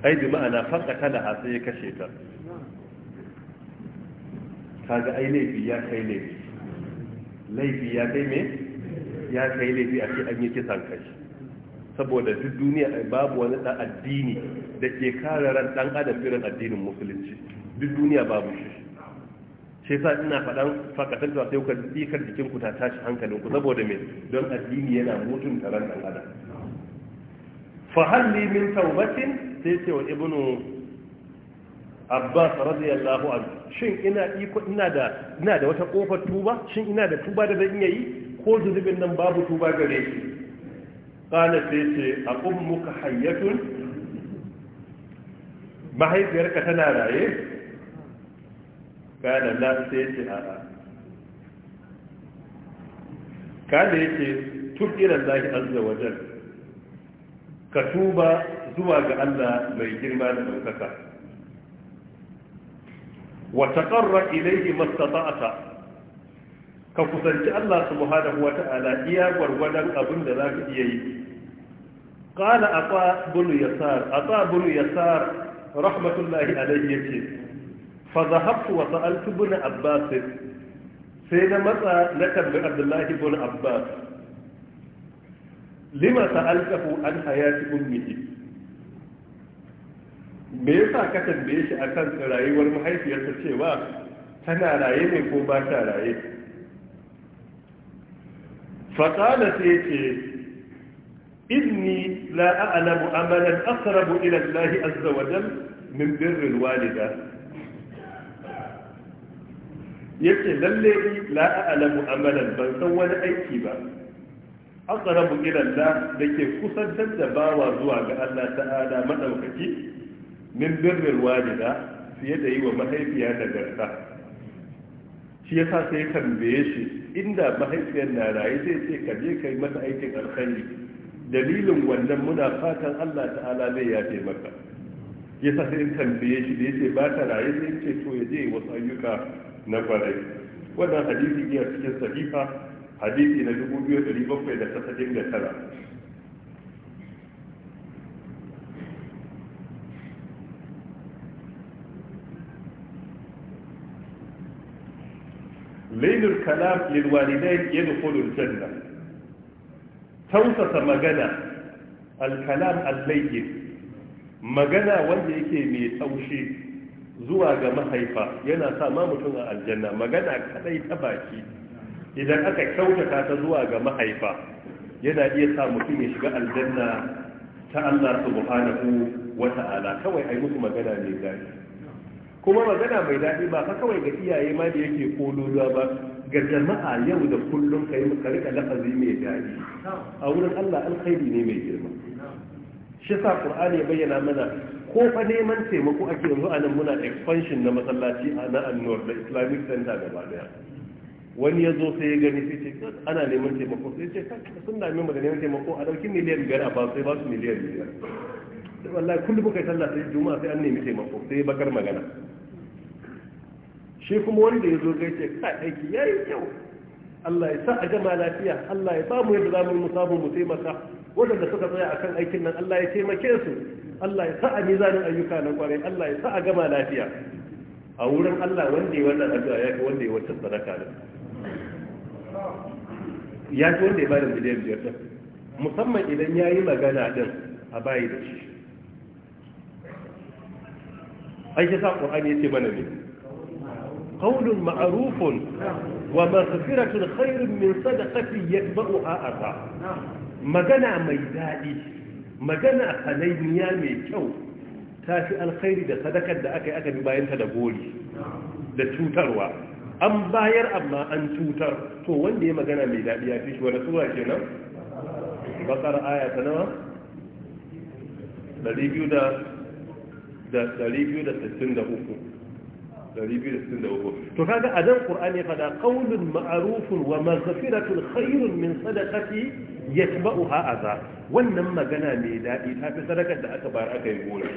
ai bi ma'ana faqata da ha sai ya kashe ta kaga ai laifi ya kai laifi laifi ya kai me ya kai laifi a ce an yi kisan kai saboda duk duniya babu wani dan addini da ke kare ran dan adam irin addinin musulunci duk duniya babu shi shi sa ina faɗan fakatan da sai kuka tsikar jikin ku ta tashi hankalin ku saboda me don addini yana mutunta ran dan adam fa hal li min tawbatin sai ce wa ibnu abbas radiyallahu anhu shin ina iko ina da ina da wata kofar tuba shin ina da tuba da zan iya yi ko zubin nan babu tuba gare shi kana sai ce a ummuka hayyatun mahaifiyarka tana raye kana la sai ce a'a kada yake tub ila lahi azza wajal ka tuba zuwa ga Allah mai girma da ɗaukaka wa taqarra ilayhi mastata'ta ka kusanci Allah subhanahu wa ta'ala iya abin da zaka iya yi qala aqa bin yasar aqa bin yasar rahmatullahi alayhi yace fa dhahabtu wa sa'altu bin abbas sai na matsa na tambayi abdullahi bin abbas lima an me yasa ka tambaye shi akan rayuwar mahaifiyarsa cewa tana raye ne ko ba ta raye faƙala sai ce inni la a'lamu amalan aqrabu ila Allah azza wa jal min birri walida yace lalle la a'lamu amalan ban san wani aiki ba aqrabu ila Allah dake kusantar da bawa zuwa ga Allah ta'ala madaukaki min birrin walida fiye da yi wa mahaifiya da garta shi ya sa sai kan beye shi inda mahaifiyar na raye zai ce ka je kai mata aikin alkhairi dalilin wannan muna fatan Allah ta'ala zai ce maka ya sa sai beye shi da yace ba ta raye sai ce to ya je wasu ayyuka na kwarai wannan hadisi iya cikin sahifa hadisi na 2779 bainul kalam lil walidain yadkhulul janna tausasa magana al-kalam al-layyin magana wanda yake mai taushi zuwa ga mahaifa yana sa ma mutum a aljanna magana kadai ta baki idan aka kyautata ta zuwa ga mahaifa yana iya sa mutum ya shiga aljanna ta Allah subhanahu wa ta'ala kawai ai musu magana ne gani kuma magana mai daɗi ba ka kawai ga iyaye ma da yake kololuwa ba ga jama'a yau da kullum ka yi ka lafazi mai daɗi a wurin Allah alkhairi ne mai girma shi sa ƙur'ani ya bayyana mana ko fa neman taimako ake yanzu nan muna expansion na masallaci a na annuwar da Islamic Center gaba daya wani ya zo sai ya gani sai ce ana neman taimako sai ce sun dami mu da neman taimako a ɗauki miliyan biyar a ba sai ba su miliyan biyar wallahi kullum kai sallah sai juma'a sai an nemi taimako sai bakar magana shi kuma wani da ya zo gaishe ka aiki ya yi kyau Allah ya sa a gama lafiya Allah ya ba mu yadda za mu yi mu mu taimaka waɗanda suka tsaya akan aikin nan Allah ya taimake su Allah ya sa a mizanin ayyuka na kwarai Allah ya sa a gama lafiya a wurin Allah wanda ya wannan addu'a ya fi wanda ya wancan sadaka da ya fi wanda ya bada miliyan biyar din musamman idan ya yi magana din a bayi da shi ai ya sa Qur'ani ya ce mana ne قول معروف ومغفرة خير من صدقة يتبعها أذى magana mai daɗi magana halaimiya mai kyau ta fi alkhairi da sadakar da aka yi aka bi bayanta da goli da cutarwa an bayar amma an cutar to wanda ya magana mai daɗi ya fi shi wani sura ke nan bakar aya ta nawa 263 263 to kaga a nan qur'ani fada qaulun ma'rufun wa maghfiratun khairun min sadaqati yatba'uha adha wannan magana mai dadi ta fi sadakar da aka bayar aka yi gora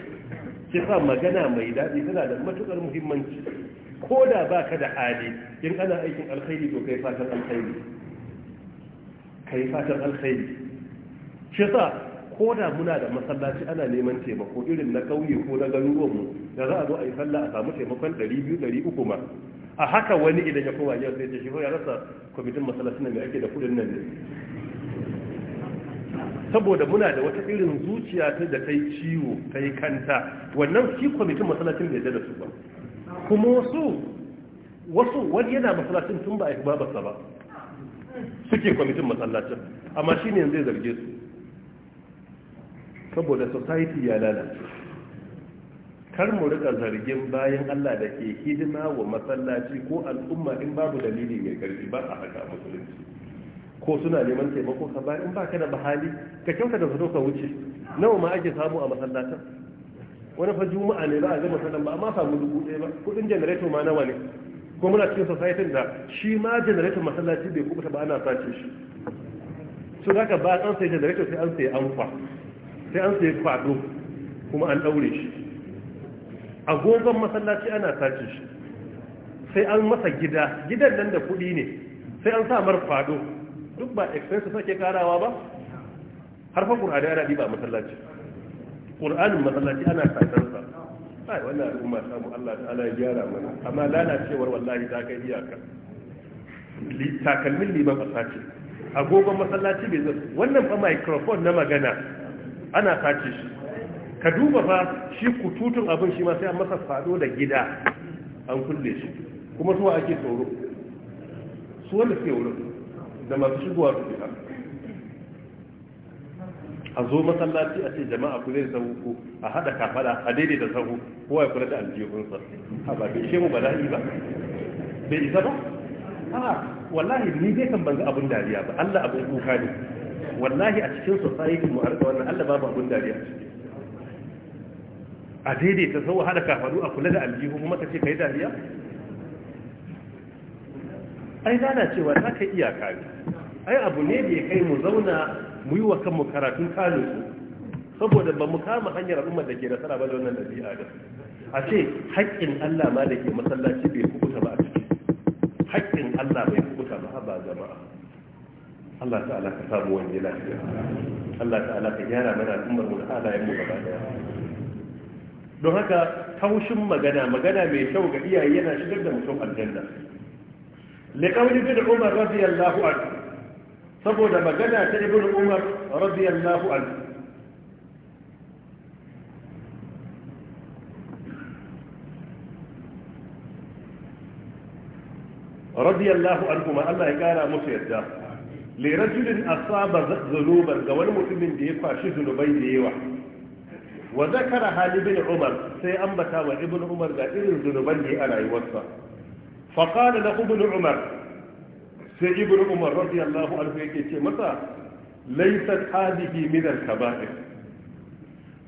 shi sa magana mai dadi tana da matukar muhimmanci ko da baka da hali in ana aikin alkhairi to kai fatan alkhairi kai fatan alkhairi shi sa ko da muna da masallaci ana neman taimako irin na ƙauye ko na garuruwan mu da za a zo a yi sallah a samu taimakon 200 300 ma a haka wani idan ya koma yau sai ya shi ya rasa kwamitin masallaci na mai ake da kudin nan ne saboda muna da wata irin zuciya ta da ta yi ciwo ta yi kanta wannan shi kwamitin masallacin da ya da su ba kuma wasu wasu wani yana masallacin tun ba a yi babarsa ba suke kwamitin masallacin. amma shi ne zai zarge su saboda society ya lalace kar mu rika zargin bayan Allah da ke hidima wa masallaci ko al'umma in babu dalili mai karfi ba a haka musulunci ko suna neman taimako ka bayan in baka da bahali ka kyauta da zato ka wuce nawa ma ake samu a masallatan wani fa juma'a ne ba a ga masallan ba amma samu dubu ɗaya ba kudin janareto ma nawa ne ko muna cikin society da shi ma janareto masallaci bai kubuta ba ana sace shi so zaka ba an sai janareto sai an sai an fa sai an sai kwado kuma an daure shi A gogon masallaci ana sace shi sai an masa gida gidan nan da kuɗi ne sai an sa mar kwado duk ba expense sake karawa ba harfa ƙur'ani ana diba a masallaci Qur'anin masallaci ana sa ai wannan al'umma samu Allah ta'ala ya gyara mana amma lalacewar wallahi ta kai iyaka takalmin liman a sace agogon masallaci bai zai wannan fa microphone na magana ana kace shi ka duba fa shi kututun abin shi ma sai an masa fado da gida an kulle shi kuma suwa ake tsoro su wanda suke wurin da masu shigowa su fita a zo masallaci a ce jama'a ku zai sahu ko a haɗa kafada a daidai da sahu ko ya kula da aljihunsa a ba bai shemu bala'i ba bai isa ba a wallahi ni bai kan banza abin dariya ba allah abin kuka ne wallahi a cikin society mu arka wannan Allah babu abun dariya a ta sau hada kafaru a kula da aljihu kuma ta ce kai dariya ai cewa za ka iya ne ai abu ne da ya kai mu zauna mu yi wa kanmu karatun kano saboda ba mu kama hanyar al'ummar da ke nasara ba da wannan ɗabi'a da a ce haƙƙin Allah ma da ke masallaci bai kubuta ba a ciki haƙƙin Allah bai kubuta ba ba jama'a Allah ta'ala ka samu wani lafiya Allah ta'ala ka gyara mana al'ummar mu da halayen mu gaba daya don haka taushin magana magana mai kyau ga iyaye yana shigar da mutum aljanna liqawli bin umar radiyallahu anhu saboda magana ta ibn umar radiyallahu anhu radiyallahu anhu ma Allah ya kara musu yadda lirajulin asaba zanuban ga wani mutumin da ya kwashi zunubai da yawa wa zakara hali bin umar sai ambata wa ibn umar ga irin zunuban da ya a rayuwarsa faƙada na ibn umar sai ibn umar radiyallahu anhu yake ce masa laysa hadihi min al-kaba'ir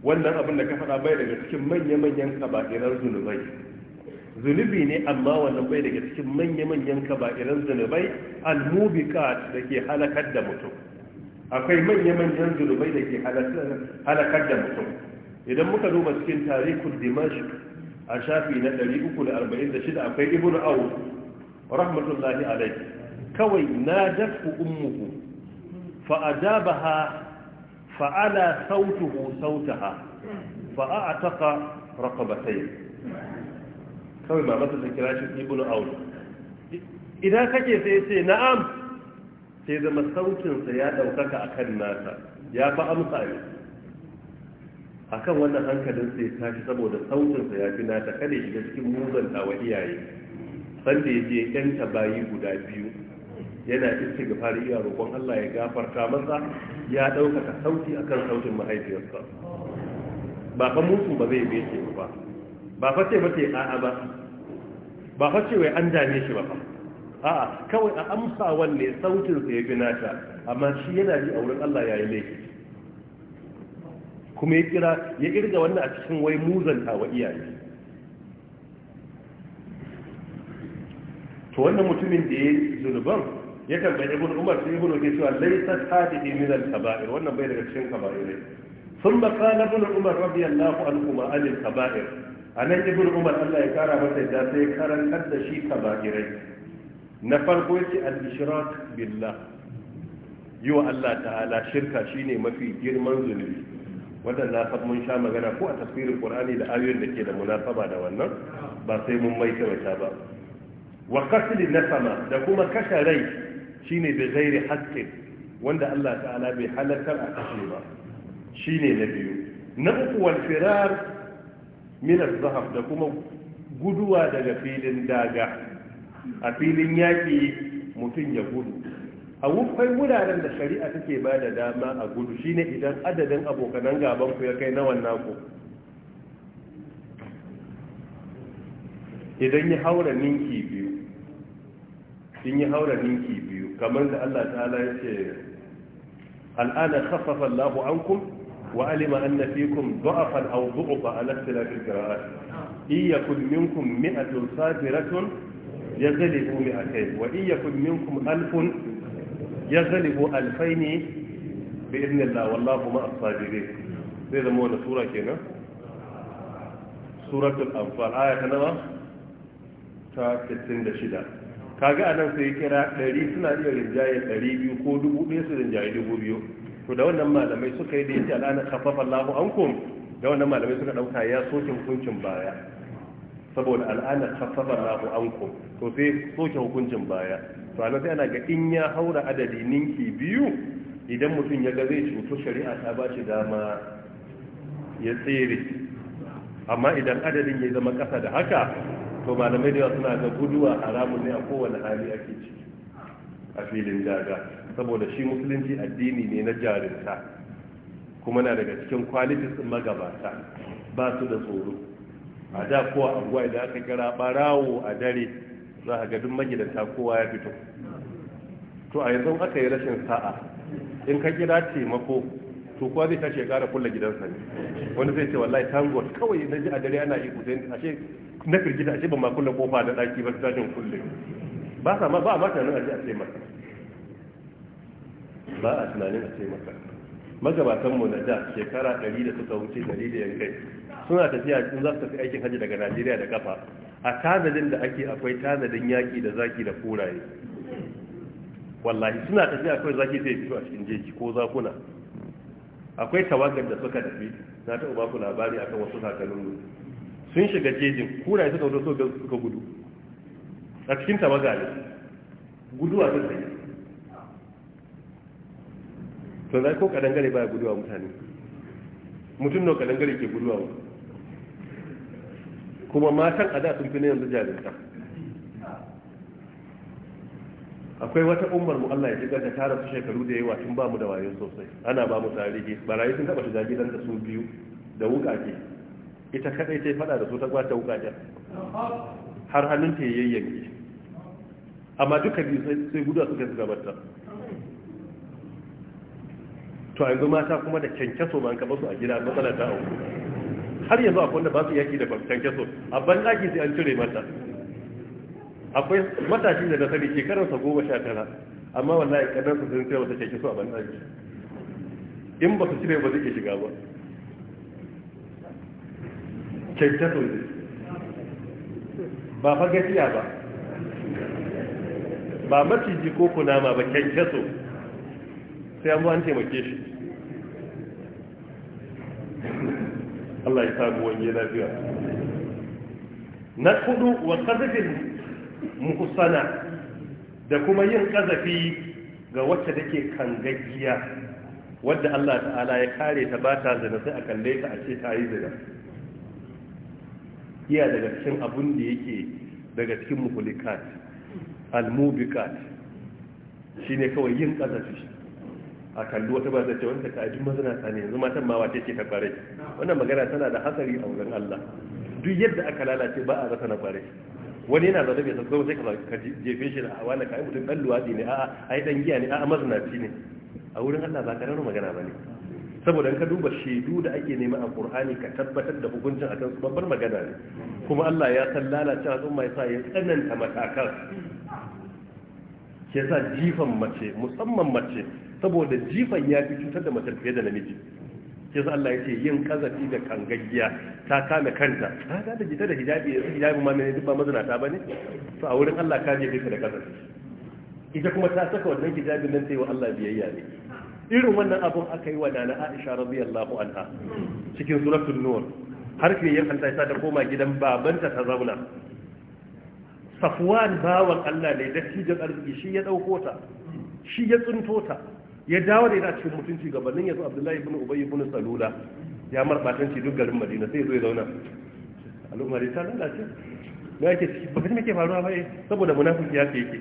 wannan abin da ka faɗa bai daga cikin manya-manyan kaba'irar zunubai zunubi ne amma wannan bai daga cikin manya-manyan kaba'iran zunubai almubika da ke halakar da mutum akwai manya-manyan zunubai da ke halakar da mutum idan muka duba cikin tarihul dimashq a shafi na 346 akwai ibnu awf rahmatullahi alayhi kawai na nadatu ummuhu fa adabaha fa ala sautuhu sautaha fa a'taqa raqabatayn kawai mamata ta kira shi ibn aul idan kake sai ce na'am sai zama sa ya ɗaukaka a kan nasa ya fi amsa ne a kan wannan hankalin sai tashi saboda saukinsa ya fi nata kada shiga cikin muzanta wa iyaye sanda ya je yanta bayi guda biyu yana istighfar iya roƙon Allah ya gafarta masa ya ɗaukaka sauki akan sautin mahaifiyarsa ba kan musu ba zai bece ba ba fa ce mace a'a ba ba fa ce wai an dame shi ba fa a'a kawai a amsa wanne sautin sa ya nata amma shi yana ji a wurin Allah yayi laifi kuma ya kira ya kirga wannan a cikin wai muzanta wa iyaye to wannan mutumin da ya zunuban ya tambayi ibn umar sai ibn ke cewa laysa hadihi min al-kaba'ir wannan bai daga cikin kaba'ir sun ba kana ibn umar radiyallahu anhu ma anil kaba'ir a nan ibn umar allah ya kara masa da sai karantar da shi kaba'irai na farko yace al-ishrak billah yi wa allah ta'ala shirka shine mafi girman zunubi wanda na san mun sha magana ko a tafsirin qur'ani da ayoyin da ke da munasaba da wannan ba sai mun mai wata ba wa na nasama da kuma kashe rai shine da ghairi haqqin wanda Allah ta'ala bai halartar a kashe ba shine na biyu na uku wal firar minas zahab da kuma guduwa daga filin daga a filin yaki mutum ya gudu a wufai wuraren da shari'a take ba da dama a gudu shine idan adadin abokanan gabanku ya kai nawan naku idan ya haura ninki biyu in ya haura ninki biyu kamar da Allah ta'ala ya ce al'ana khaffafa Allahu ankum وعلم أن فيكم ضعفا أو ضعف على اختلاف القراءات إن يكن منكم مئة صابرة يغلب مئتين وإن يكن منكم ألف يغلب ألفين بإذن الله والله مع الصابرين زي زمونا سورة كنا سورة الأنفال آية نما ta 66 kaga anan sai kira 100 suna iya rinjaye 200 ko 1000 su rinjaye 2000 to da wannan malamai suka yi da yake al'ana kafafa Allahu ankum da wannan malamai suka dauka ya soke hukuncin baya saboda al'ana kafafa Allahu ankum to sai soke hukuncin baya to ana sai ana ga in ya haura adadi ninki biyu idan mutum ya ga zai cutu shari'a ta ba shi dama ya tsere amma idan adadin ya zama kasa da haka to malamai da suna ga guduwa haramun ne a kowane hali ake ciki a filin daga saboda shi musulunci addini ne na jarinta kuma na daga cikin kwalitis ɗin magabata ba su da tsoro a da kowa anguwa idan aka kira barawo a dare za a gadin magidanta kowa ya fito to a yanzu aka yi rashin sa'a in ka kira taimako to kowa zai tashi ya kara kulla gidansa ne wani zai ce wallahi tango kawai na ji a dare ana iku sai ashe na firgita ashe ba ma kulla kofa da daki ba tashin kulle ba sa ma ba ma tunanin aje a taimaka ba a tunanin a taimaka mu na da shekara 100 da suka wuce 100 da yankai suna tafiya in za su tafi aikin hajji daga najeriya da kafa a tanadin da ake akwai tanadin yaƙi da zaki da koraye wallahi suna tafiya akwai zaki zai fito a cikin jeji ko zakuna akwai tawagar da suka tafi na taɓa baku labari akan wasu mu sun shiga jejin koraye suka wuce suka gudu a cikin tawagar guduwa ta tsaye to za ko kadangare baya guduwa mutane mutum nawa kadangare ke guduwa kuma matan a da sun fi na yanzu jarinta akwai wata umar mu Allah ya ji da tara su shekaru da yawa tun ba mu da wayo sosai ana ba mu tarihi barayi sun taba shiga gidan da su biyu da wukake ita kadai ta fada da su ta kwace wukaken har hannun ta yayyanke amma duka biyu sai guduwa suka zuga ta. to yanzu mata kuma da kyankyaso ba an kaba su a gida matsala ta auku har yanzu akwai wanda ba su yaki da kyankyaso a banɗaki sai an cire mata akwai matashi da na sani sa goma sha tara amma wallahi kadan su sun sai wata kyankyaso a banɗaki in ba su cire ba zai shiga ba kyankyaso ne ba fagasiya ba ba maciji ko kunama ba kyankyaso sai an an taimake shi <laughs> Allah ya samu wani lafiya na kudu wa kazafin sana da kuma yin kazafi ga wacce take kangaggiya wadda Allah ta'ala ya kare ta ba ta zina sai a kalle ta a ce ta yi zina iya daga cikin abun da yake daga cikin muhulikat almubikat shine kawai yin kazafi a kalli wata ba ta ce wanda ta ajin mazana ta ne yanzu matan ma wace ce ta wannan magana tana da hasari a wurin Allah duk yadda aka lalace ba a rasa na kwarai wani yana zaune bai sassau sai ka jefe shi da hawa ah, na kayan mutum ɗan luwaɗi ne a'a ai yi giya ne a'a mazinaci ne a wurin Allah ba ka rana magana ba ne saboda ka duba shaidu da ake nema a Qur'ani ka tabbatar da hukuncin akan su babbar magana ne kuma Allah ya san lalace mai sa ya tsananta matakan ke sa jifan mace musamman mace saboda jifan ya fi cutar da mace fiye da namiji sai Allah ya ce yin kazafi da kangayya ta kame kanta ta ga da jita da hijabi da hijabi ma ne duk ba mazinata bane to a wurin Allah ka jefe ka da kazafi ita kuma ta saka wannan hijabin nan sai wa Allah biyayya ne irin wannan abun aka yi wa nana Aisha radiyallahu anha cikin suratul nur har ke yin Allah ta koma gidan babanta ta zauna Safwan bawan Allah ne da shi arziki shi ya dauko ta shi ya tsunto ta ya dawo da ita cikin mutunci gabanin ya zo abdullahi ibn ubayy ibn salula ya marbatanci duk garin madina sai ya zo ya zauna al'umma dai ta lalace me yake ciki ba kuma yake faruwa ba eh saboda munafiki ya yake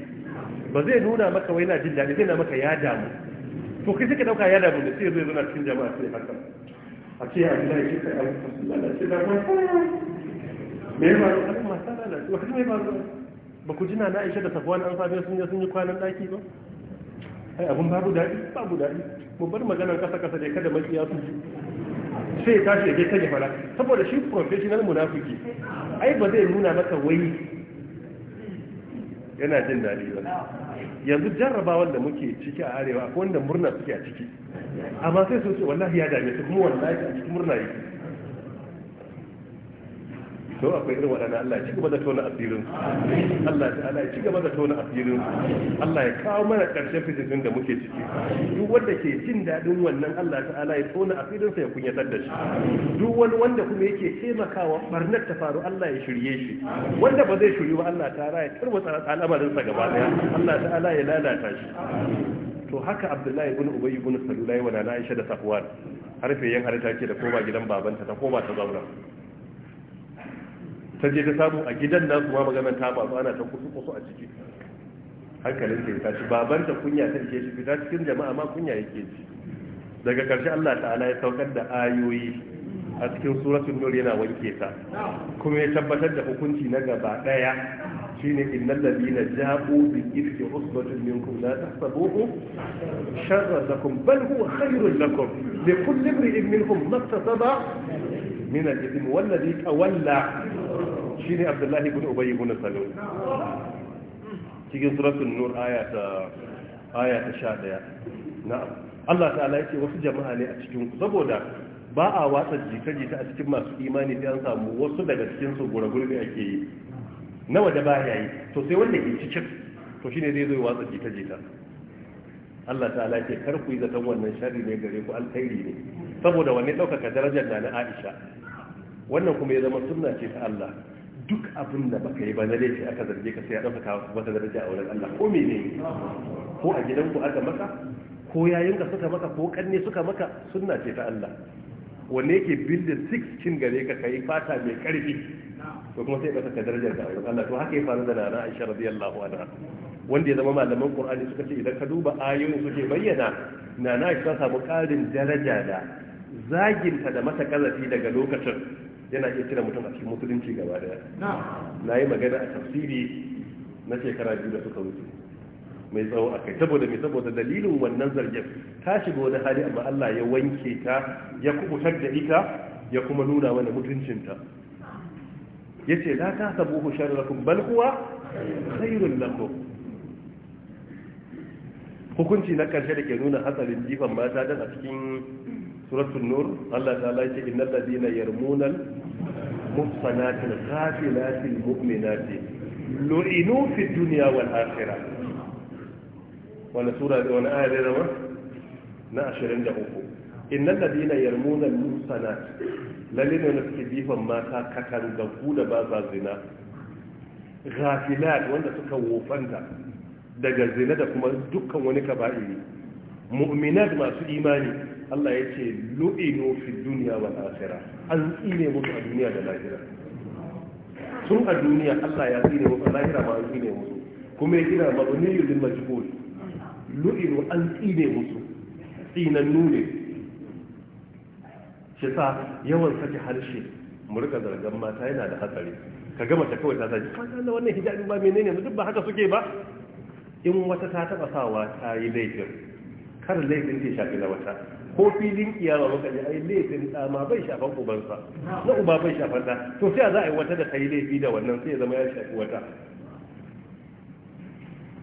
ba zai nuna maka wai na jin daɗi zai na maka ya damu to kai suka dauka ya damu da sai ya zo ya zauna cikin jama'a sai haka a ce ya abdullahi shi kai al'umma lalace da kuma me ya faru al'umma ta lalace ba kuma ya ba ku jina na aisha da safwan an same sun sun yi kwanan daki ba ai abun babu daɗi babu daɗi babbar maganar kasa kasa dai kada iya su sai ya tashi ya je fara saboda shi professional munafiki ai ba zai nuna maka wai yana jin daɗi ba yanzu jarrabawar da muke ciki a arewa ko wanda murna suke a ciki amma sai su ce wallahi ya dame su kuma wallahi a ciki murna yake to akwai irin waɗannan Allah ya ci gaba da tona asirin Allah ta'ala ya ci da tona asirin Allah ya kawo mana ƙarshen fitintun da muke ciki duk wanda ke jin daɗin wannan Allah ta'ala ya tona asirin sa ya kunyatar da shi duk wani wanda kuma yake taimakawa barnar ta faru Allah ya shirye shi wanda ba zai shiryu ba Allah ta'ala ya tarwatsa al'amarin sa gaba daya Allah ta'ala ya lalata shi to haka Abdullahi ibn Ubay ibn Salulai wa Aisha da Safwan harfe yan harita ke da koma gidan babanta ta koma ta zauna ta je ta samu a gidan nasu ma magana ta ba ana ta kusu kusu a ciki hankalin ta tashi baban ta kunya ta ke shi fita cikin jama'a ma kunya yake ci. daga karshe Allah ta'ala ya saukar da ayoyi a cikin suratul nur yana wanke ta kuma ya tabbatar da hukunci na gaba daya shine innal ladina ja'u bil ifki usbatun minkum la tahsabuhu sharran lakum bal huwa khairun lakum li kulli imrin minhum ma min al ithmi wal ladhi tawalla ne abdullahi ibn ubayi ibn salul cikin suratun nur aya ta sha ta na Allah ta'ala yake wasu jama'a ne a cikin ku saboda ba a watsa jita-jita a cikin masu imani sai an samu wasu daga cikin su gurbi ake yi nawa da ya yi to sai wanda ke cikin to shi ne zai zo ya watsa jita-jita Allah ta'ala yake kar ku yi zaton wannan sharri ne gare ku alkhairi ne saboda wanne ɗaukaka darajar na na Aisha wannan kuma ya zama sunna ce ta Allah duk abin da baka yi ba na laifi aka zarge ka sai ya ɗaukaka wata daraja a wurin Allah ko mene ko a gidanku aka maka ko yayinka suka maka ko kanne suka maka sunna ce ta Allah wanne yake bildin six cin gare ka kai fata mai karfi to kuma sai ka darajar da wurin Allah to haka ya faru da Nana Aisha radiyallahu anha wanda ya zama malaman Qur'ani suka ce idan ka duba ayoyin suke bayyana Nana Aisha ta samu ƙarin daraja da zaginta da mata kazafi daga lokacin yana iya cire mutum a cikin musulunci gaba daya na yi magana a tafsiri na shekara biyu da suka wuce mai tsawo a kai saboda mai saboda dalilin wannan zargin ta shiga wani hali amma Allah ya wanke ta ya kubutar da ita ya kuma nuna mana mutuncinta ce la ta sabuhu sharru lakum bal huwa khairun lakum hukunci na karshe da ke nuna hatsarin jifan mata dan a cikin suratul nur Allah ta yace innal ladina yarmunal المحصنات الغافلات المؤمنات لعنوا في الدنيا والآخرة ولا سورة ولا آية روى نأشر عنده إن الذين يرمون المحصنات للين ونسكي ما كان دقود بازا زنا غافلات وانا تكوفنتا daga zina da kuma dukkan wani kaba'iri mu'minat masu imani Allah ya ce lu'inu fi duniya wal akhirah an tsine musu a duniya da lahira sun a duniya Allah ya tsine musu a lahira ma an tsine musu kuma ya kira mabniyyu lil majhul lu'inu an tsine musu tsinannu ne shi sa yawan saki harshe mu rika zargan mata yana da hatsari ka gama ta kawai ta zaji fata na wannan hijabi ba menene duk ba haka suke ba in wata ta taba sawa ta yi laifin kar laifin ke shafi na wata ko filin iyawa muka ne ai laifin da ma bai shafan ubansa na uba bai shafan ta. to sai za a yi wata da ta yi laifi da wannan sai ya zama ya shafi wata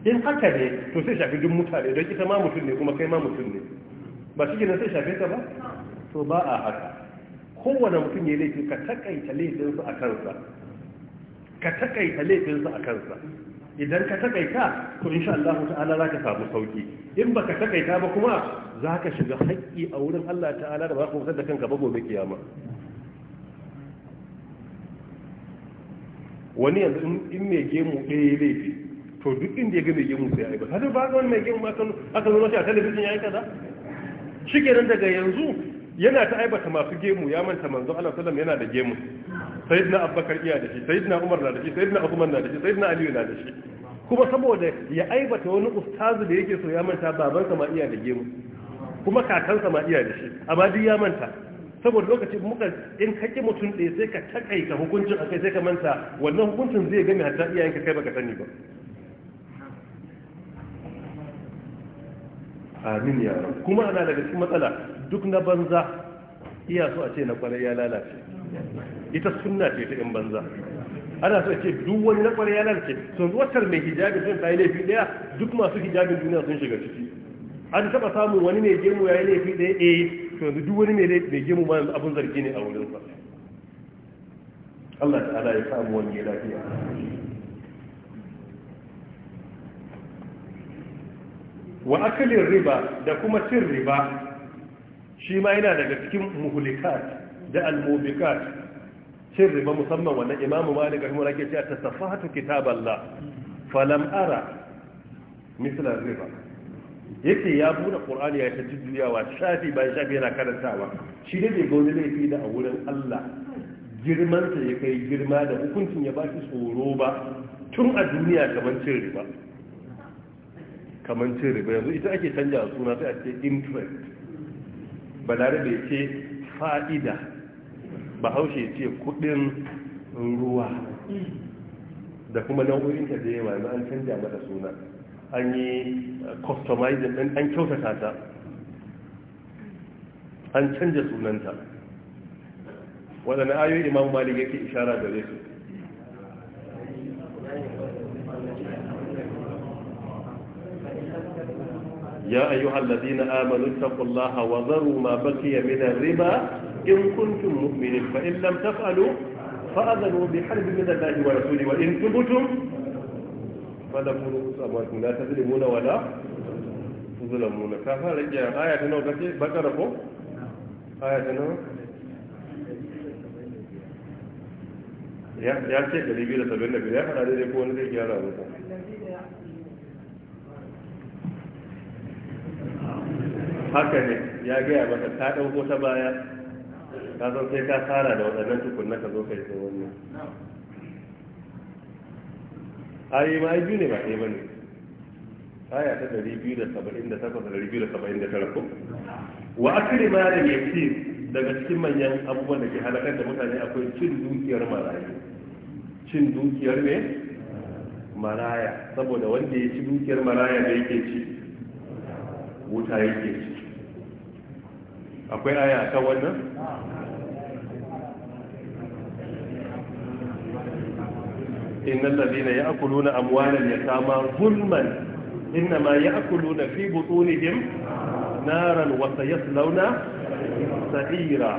in haka ne to sai shafi duk mutane don ita ma mutum ne kuma kai ma mutum ne ba shi ne sai shafe ta ba to ba a haka kowane mutum ya laifi ka takaita laifinsa a kansa ka takaita laifinsa a kansa idan ka takaita to insha Allah ta'ala za ka samu sauki in baka takaita ba kuma za ka shiga haƙƙi a wurin Allah ta'ala da ba ka da kanka ba gobe kiyama wani yanzu in mai gemu ɗaya laifi to duk inda ya ga mai gemu sai ya ba, hadu ba ga wani mai gemu aka zo shi a talabijin ya yi kaza shi kenan daga yanzu yana ta aibata masu gemu ya manta manzo Allah sallam yana da gemu sayyidina abubakar iya da shi sayyidina umar na da shi sayyidina abubakar na da shi sayyidina aliyu na da shi kuma saboda ya aibata wani ustazu da yake so ya manta baban sa ma iya da gemu kuma kakan sa ma iya da shi amma duk ya manta saboda lokacin muka in kake mutum ɗaya sai ka takaita hukuncin akai sai ka manta wannan hukuncin zai gami hatta iyayenka kai baka sani ba amin ya rabu kuma ana daga cikin matsala duk na banza iya so a ce na kwarai ya lalace ita sunna ce ta yan banza ana so a ce duk wani na kwarai ya lalace sun watar mai hijabin sun ta yi laifi daya duk masu hijabin duniya sun shiga ciki an taba samun wani mai gemu ya yi laifi daya eh to yanzu duk wani mai gemu ma abin abun zargi ne a wurinsa Allah ta'ala ya samu wani lafiya wa akalin riba da kuma cin riba shi ma yana daga cikin muhulikat da almubikat cin riba musamman wannan imamu malik rahimahullah ke cewa tasafahatu kitaballah falam ara misla riba yake ya buɗe qur'ani ya ta jiddiyawa shafi bayan shafi yana karantawa shi ne bai laifi da a wurin Allah girmansa ya kai girma da hukuncin ya ba shi tsoro ba tun a duniya gaban cin riba kamar cin riba yanzu ita ake canja suna sai a ce interest balarabe ya ce fa'ida bahaushe haushe ce kudin ruwa da kuma nau'o'in ta da yawa an canja mata suna an yi uh, customizing din an kyautata ta an canja sunanta waɗanda ayoyi imam malik yake ishara gare su يا أيها الذين آمنوا اتقوا الله وذروا ما بقي من الربا إن كنتم مؤمنين فإن لم تفعلوا فأذنوا بحرب من الله ورسوله وإن تبتم فلكم رؤوس أموالكم لا تظلمون ولا تظلمون كفى رجع آية نو بكركم آية نو ya ce 275 اللي faɗa daidai ko wani اللي gyara muku haka ne ya gaya mata ta ɗauko ta baya ta zo sai ka tsara da waɗannan tukunna ka zo kai sai wannan ayi ma ai biyu ne ba ɗaya bane aya ta ɗari biyu da saba'in da takwas da ɗari biyu da saba'in da tara ko wa akiri ma da yake daga cikin manyan abubuwan da ke halakar da mutane akwai cin dukiyar marayu cin dukiyar ne maraya saboda wanda ya ci dukiyar maraya da yake ci wuta yake ci akwai aya ta wannan innal ladina ya'kuluna amwalan ma zulman innama ya'kuluna fi butunihim naran wa sayaslawna sa'ira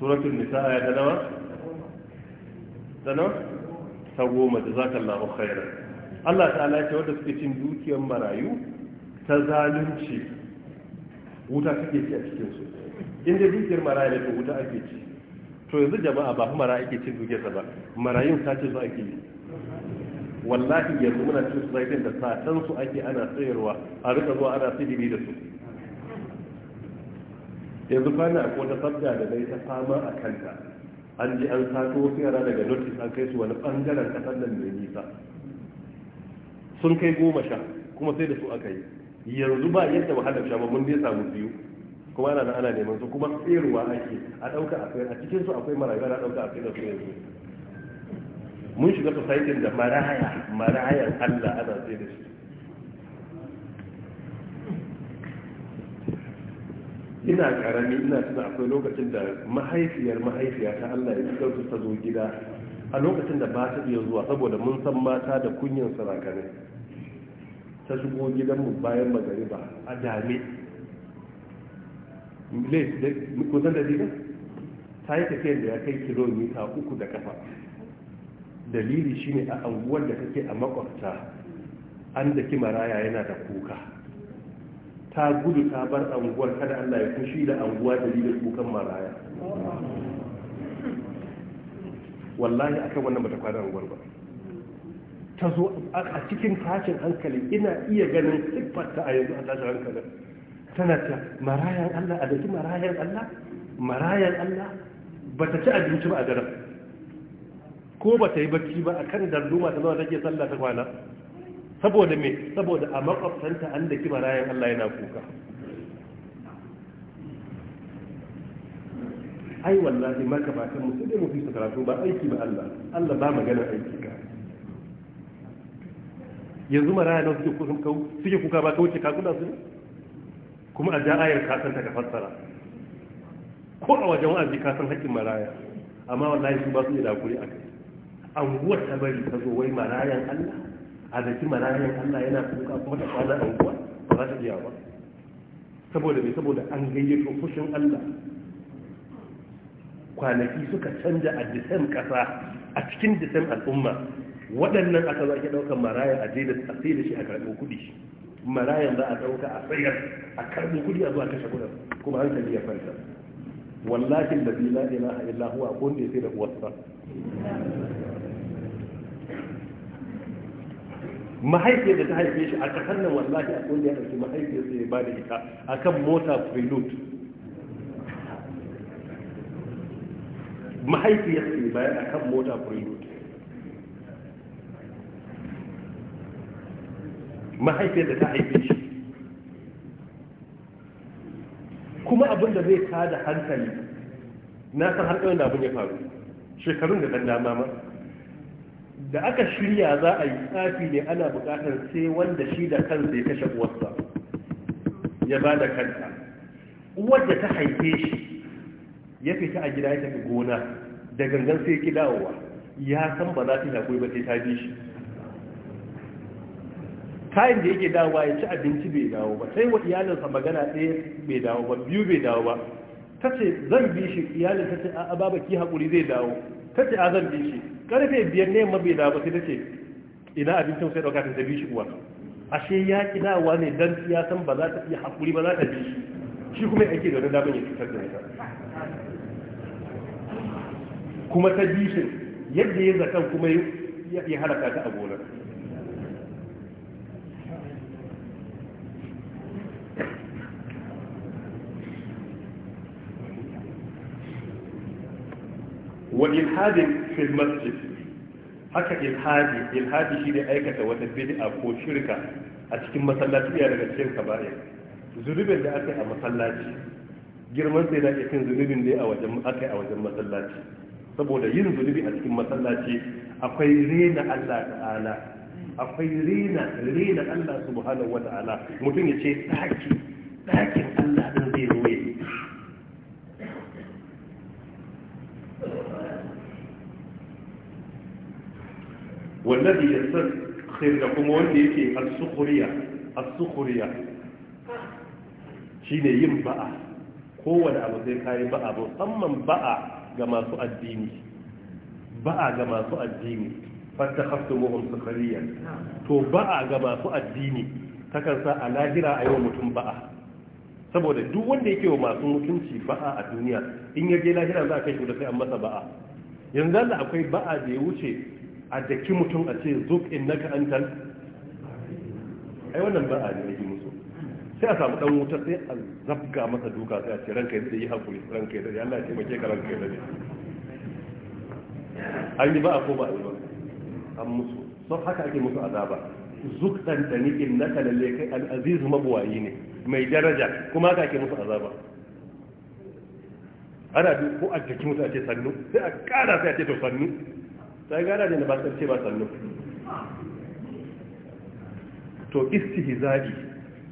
suratul nisa aya ta nawa sanan ta goma za jazakallahu khairan Allah ta'ala ya ce wanda suke cin dukiyar marayu ta zalunci wuta kake ci a cikin su in dukiyar marayi ne to wuta ake ci to yanzu jama'a ba fa marayi ake cin dukiyarsa ba marayun ta ce su ake yi wallahi yanzu muna su society da satan su ake ana sayarwa a rika zuwa ana sihiri da su yanzu kwana ko wata sabda da dai ta fama a kanta an ji an sato wasu daga notice an kai su wani bangaren kasar nan mai nisa sun kai goma sha kuma sai da su aka yi yanzu ba yadda wahalar hada ba mun dai samu biyu kuma ana ana neman su kuma tseruwa ake a ɗauka a a cikin su akwai marayuwa na ɗauka a da su yanzu mun shiga society da maraya marayan Allah ana sayar da shi ina karami ina tuna akwai lokacin da mahaifiyar mahaifiya ta Allah ya ci ta zo gida a lokacin da ba ta iya zuwa saboda mun san mata da kunyan sarakanai ta shigo gidanmu bayan magariba a dame kusan da dina ta yi tafiyar da ya kai kilomita uku da kafa dalili shine a anguwar da kake a makwabta an da maraya yana da kuka ta gudu ta bar anguwar kada allah ya fushi da anguwa dalilin kukan maraya wallahi akan wannan bata kwana anguwar ba ta zo a cikin tashin hankali ina iya ganin siffarta a yanzu a tashin hankali tana ta marayan Allah a daji marayan Allah marayan Allah ba ta ci abinci ba a daren ko ba ta yi bacci ba a kan darduma ta zama take sallah ta kwana saboda me saboda a makwabtanta an daki marayan Allah yana kuka ai wallahi maka ba ta musulmi mu fi karatu ba aiki ba Allah Allah ba magana aiki yanzu maraya na suke suke kuka ba ta wuce ka su ne kuma a ja ayar ka ta ka fassara ko a wajen wa'azi ka san haƙƙin maraya amma wallahi su ba su yi dakuri a kai anguwar ta bari ta zo wai marayan Allah a zaki marayan Allah yana kuka kuma ta kwana guwa ba za ta iya ba saboda mai saboda an gayyato fushin Allah kwanaki suka canja a disan ƙasa a cikin disan al'umma waɗannan aka za ki ɗaukar marayan a je a sai da shi a karɓo kuɗi marayan za a ɗauka a sayar a karɓo kuɗi a zuwa kashe kudin kuma hankali ya kwanta wallahi da bi la a illa huwa ko ne sai da uwarsa mahaifiyar da ta haife shi a kasar nan wallahi a kundi a ɗauki mahaifiyar sai ya ba da ita akan mota prelude mahaifiyar sai bayan akan mota prelude mahaifiyar da ta haife shi kuma abin da zai tada hankali na san har da abin ya faru shekarun da ɗan dama ma da aka shirya za a yi tsafi ne ana buƙatar sai wanda shi da kansa ya kashe uwarsa ya ba da kanta wadda da ta haife shi ya fita a gida ya tafi gona da gangan sai ki dawowa ya san ba za ta yi ba sai ta bi shi Kayan da yake dawowa ya ci abinci bai dawo ba sai wa iyalinsa magana ɗaya bai dawo ba biyu bai dawo ba ta ce zan bi shi iyalin ta ce a baba ki haƙuri zai dawo ta ce a zan bi shi karfe biyar ne ma bai dawo ba sai ta ce ina abincin sai ɗauka ta bi shi uwa ashe ya ki dawowa ne dan ya san ba za ta iya haƙuri ba za ta bi shi shi kuma ake da wani ya cutar da ita kuma ta bi shi yadda ya zakan kuma ya halaka ta a gonar wa ilhadin fil masjid haka ilhadi ilhadi shine aikata wata bid'a ko shirka a cikin masallaci ya daga cikin kabari zulubin da aka yi a masallaci girman sai da ake cin zulubin da a wajen aka yi a wajen masallaci saboda yin zunubi a cikin masallaci akwai rena Allah ta'ala akwai rena rena Allah subhanahu wa ta'ala mutum ya ce daki dakin Allah wallazi يسر da kuma wanda yake as-sukhriya شين shine yin ba'a kowane abu zai kai ba'a musamman ba'a ga masu addini ba'a ga masu addini fatakhaftumuhum sukhriya to ba'a ga masu addini takan a lahira a mutum ba'a saboda duk wanda yake wa masu mutunci ba'a a duniya in ya lahira za a kai shi da sai an masa ba'a yanzu da akwai ba'a da ya wuce a daki mutum a ce zuk an tal ai wannan ba a ne yake musu sai a samu dan wuta sai a zabga masa duka sai a ce ranka yadda yi hakuri ranka yadda Allah ya taimake ka ranka yadda an yi ba a ko ba a yi ba an musu sau haka ake musu azaba zuk ɗanɗani in na lalle kai al'azizu mabuwayi ne mai daraja kuma haka ake musu azaba ana ko a jiki mutum a ce sannu sai a ƙara sai a ce to sannu sai ne da ba ce ba sannu to istihizabi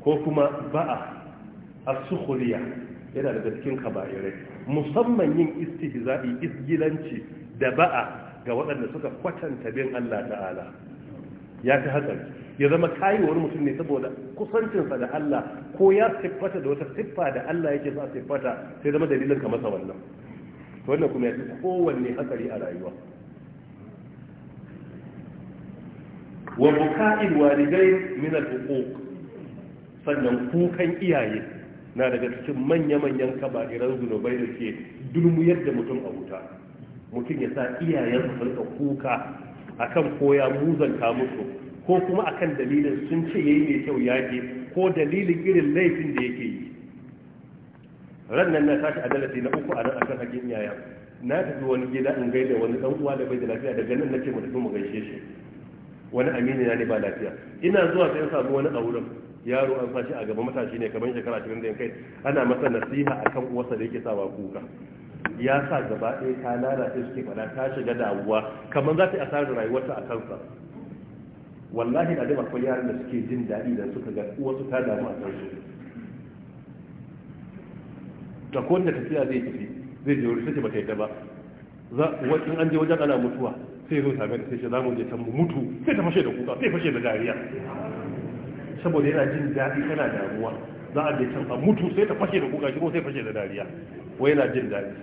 ko kuma ba'a as yana daga cikin kaba'irai musamman yin istihza'i isgilanci da ba'a ga waɗanda suka kwatanta bin Allah ta'ala ya fi hatsari ya zama kayuwar mutum ne saboda kusancinsa da Allah ko ya siffata da wata siffa da Allah yake sa siffata sai zama dalilin ka masa wannan wannan kuma ya fi kowanne hatsari a rayuwa wa buka'il walidai min al sannan kukan iyaye na daga cikin manya-manyan kaba'irar zunubai da ke dulmuyar da mutum a wuta mutum ya sa iyayen su rika kuka akan koya muzanta musu ko kuma akan dalilin sun ce yayi mai kyau yake ko dalilin irin laifin da yake yi rannan na tashi adalci na uku a nan akan hakin iyayen na tafi wani gida in gaida wani dan uwa da bai da lafiya daga nan nake mu tafi mu gaishe shi wani amini na ne ba lafiya ina zuwa sai samu wani auren yaro an sashi a gaba matashi ne kamar shekara 20 kai ana masa nasiha akan uwarsa da yake sawa kuka ya sa gaba ɗaya ta lalace suke faɗa ta shiga damuwa kamar za ta yi asarar rayuwarta a kansa wallahi da dama akwai yaran da suke jin daɗi da suka ga uwarsu ta damu a kansu da kowanne tafiya zai tafi zai je wuri sai ba ta yi ta ba za wajen an je wajen ana mutuwa sai zo sami da sai shi za je mu mutu sai ta fashe da kuka sai fashe da dariya saboda yana jin daɗi tana damuwa za a je can a mutu sai ta fashe da kuka shi ko sai fashe da dariya ko yana jin daɗi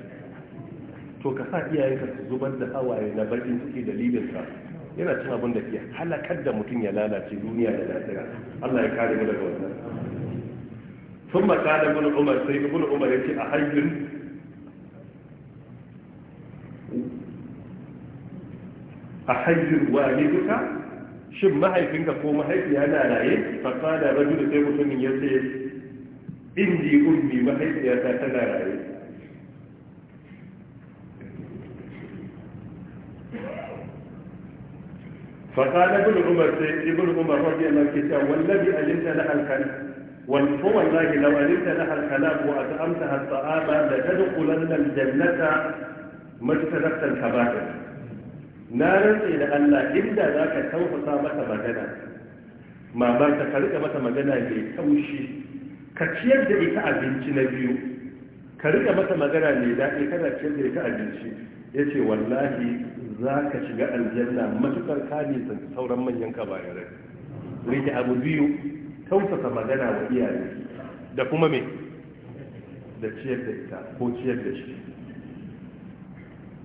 to ka sa ka su zubar da hawaye na bakin ciki libin ka yana cin abin da ke halakar da mutum ya lalace duniya da lafiya Allah ya kare mu daga wannan gudun umar sai gudun umar ya ce a hajjin أحجر والدك شب ما هي فينك قوم هي في أنا لا يه فقال رجل تيمو سمي يسي إندي أمي ما هي في أنا لا يه فقال ابن عمر ابن عمر رضي الله عنه كتاب والذي علمت لها الكلام والفو الله لو علمت لها الكلام وأطعمتها الطعام لتدخلن الجنة ما اجتنبت الكبائر na rantse da Allah inda za ka tausasa mata magana mamar ta karka mata magana mai taushi ka ciyar da ita abinci na biyu ka rika mata magana mai daɗi kana ciyar da ita abinci ya wallahi za ka shiga aljanna matukar ka nisan sauran manyan kabayarai rike abu biyu tausasa magana wa iyaye da kuma me da ciyar da ita ko ciyar da shi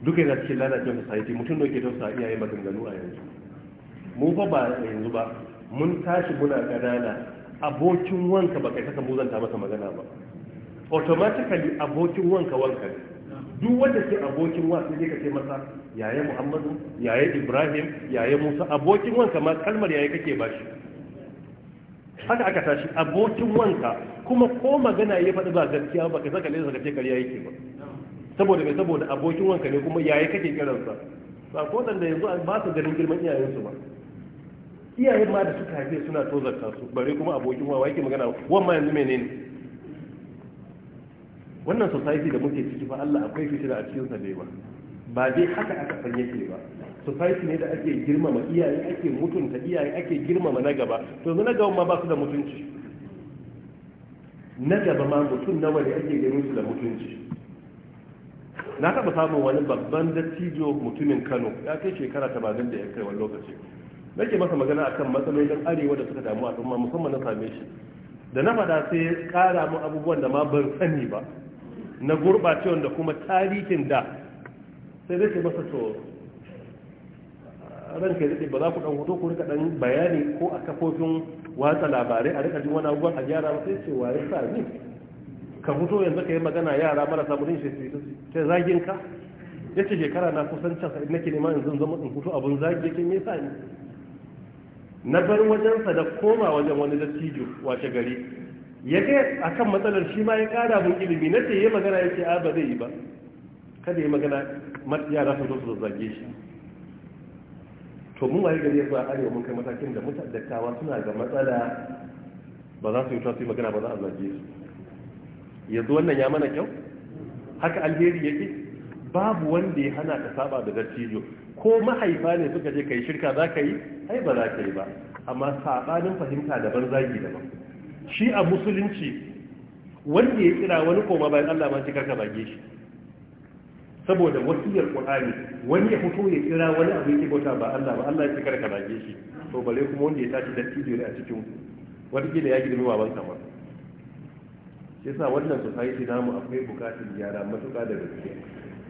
duka yana cikin lalacewar society mutum da ke tausa iyaye maganganu a yanzu mu fa ba yanzu ba mun tashi muna ganana abokin wanka ba kai saka muzanta masa magana ba automatically abokin wanka wanka duk wanda ke abokin wa sai ka ce masa yaye Muhammadu yaye Ibrahim yaye Musa abokin wanka ma kalmar yaye kake ba shi haka aka tashi abokin wanka kuma ko magana ya faɗi ba gaskiya ba ka saka ne saka ce kariya yake ba saboda mai saboda abokin wanka ne kuma yayi kake kiransa ba ko da yanzu ba su ganin girman iyayensu ba iyayen ma da suka haife suna tozarta su bare kuma abokin wawa yake magana wamma yanzu menene wannan society da muke ciki fa Allah akwai fitina a cikin sa dai ba ba dai haka aka san yake ba society ne da ake girmama iyaye ake mutunta iyaye ake girmama na gaba to yanzu na gaba ma ba su da mutunci na gaba ma mutum nawa ne ake ganin su da mutunci na taɓa samun wani babban dattijo mutumin kano ya kai shekara ta tamanin da ya kai wani lokaci nake masa magana akan matsalolin arewa da suka damu tsumma musamman na same shi da na faɗa sai kara mu abubuwan da ma ban sani ba na gurɓacewa da kuma tarihin da sai nake masa to ranke daɗe ba za ku ɗan hoto ku rika ɗan bayani ko a kafofin watsa labarai a rika jin wani abubuwan a gyara ba sai ce wa ya sa ni ka fito yanzu ka yi magana yara marasa mutum shi sai zagin ka ya ce shekara na kusan can sa'id nake neman yanzu zama in fito abin zagi yake me yasa ni na bar wajensa da koma wajen wani dattijo washe gari ya kai kan matsalar shi ma ya kara mun ilimi na ce ya magana ya ce a ba zai yi ba kada ya magana yara su zo su zage shi to mun waye gari ya a arewa mun kai matakin da mutane dattawa suna ga matsala ba za su yi tasiri magana ba za a zage su yanzu wannan ya mana kyau haka alheri yake babu wanda ya hana ka saba da dattijo ko mahaifa ne suka je ka yi shirka za ka yi ai ba za ka yi ba amma saɓanin fahimta daban zagi daban shi a musulunci wanda ya kira wani koma bayan Allah ma cikar ka bage shi saboda wasiyar Qur'ani wani ya fito ya kira wani abu yake bauta ba Allah ba Allah ya cikar ka bage shi to bare kuma wanda ya tashi dattijo ne a cikin wani gida ya girmi ban kamar yasa wannan society namu akwai bukatun gyara matuƙa da gaske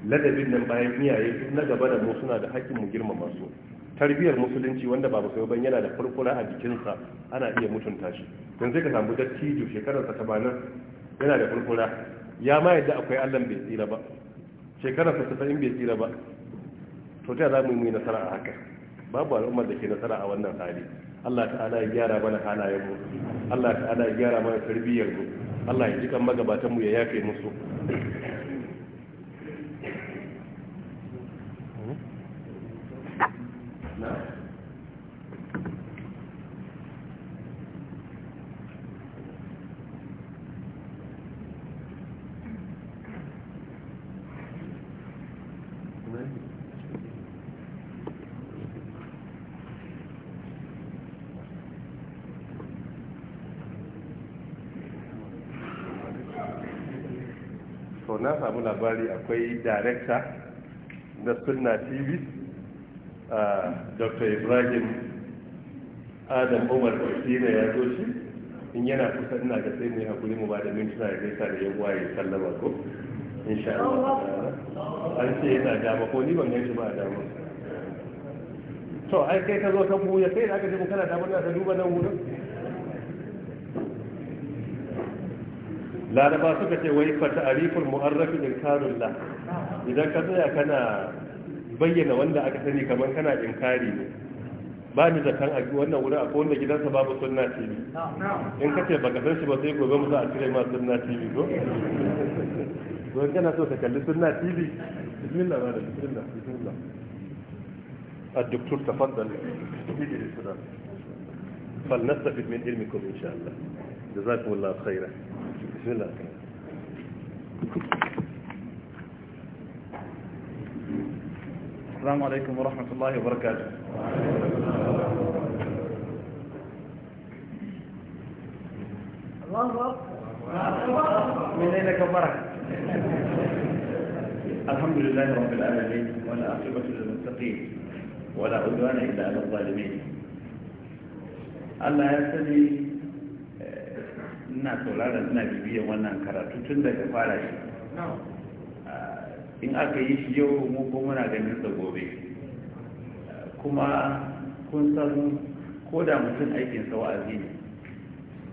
ladabin nan bayan iyaye duk na gaba da mu suna da hakkin mu girmama su tarbiyyar musulunci wanda ba musulmi ban yana da furfura a jikinsa ana iya mutunta shi don sai ka samu dattijo ta bana, yana da furfura ya ma yadda akwai allah bai tsira ba Shekarar ta san bai tsira ba to ta za mu yi nasara a haka babu al'ummar da ke nasara a wannan hali allah ta'ala ya gyara mana halayenmu allah ta'ala ya gyara mana mu. Allah ya ji kan magabatan mu ya yafe musu labari akwai darekta na sunna tv dr ibrahim adam umar kwakina ya zo shi in yana kusa ina ga sai mai hakuri mu ba da mintuna ya gaisa da yan waye sallama ko insha Allah an ce yana dama ko ni ban gan shi ba dama to ai kai ka zo ka buya sai da aka ce kana dama na duba nan wurin laraba suka ce wai fata arifin mu'arrafin la, idan ka tsaya kana bayyana wanda aka sani kamar kana inkari ne ba ni zakan a wannan wurin ko wanda gidansa babu sunna tv in ka ce baka san shi ba sai gobe mu za a cire ma sunna tv ko don kana so ka kalli sunna tv bismillah ba da bismillah bismillah الدكتور تفضل تيجي للسودان فلنستفد من علمكم ان شاء الله جزاكم الله خيرا السلام عليكم ورحمة الله وبركاته الله من أين كبرك الحمد لله رب العالمين ولا عقبة للمتقين ولا عدوان إلا على الظالمين الله يستدي ina saurara suna bibiyan wannan karatu tun daga fara shi in aka yi shi yau mu ko muna ganin sa gobe kuma kun san ko da mutum aikin sa wa'azi ne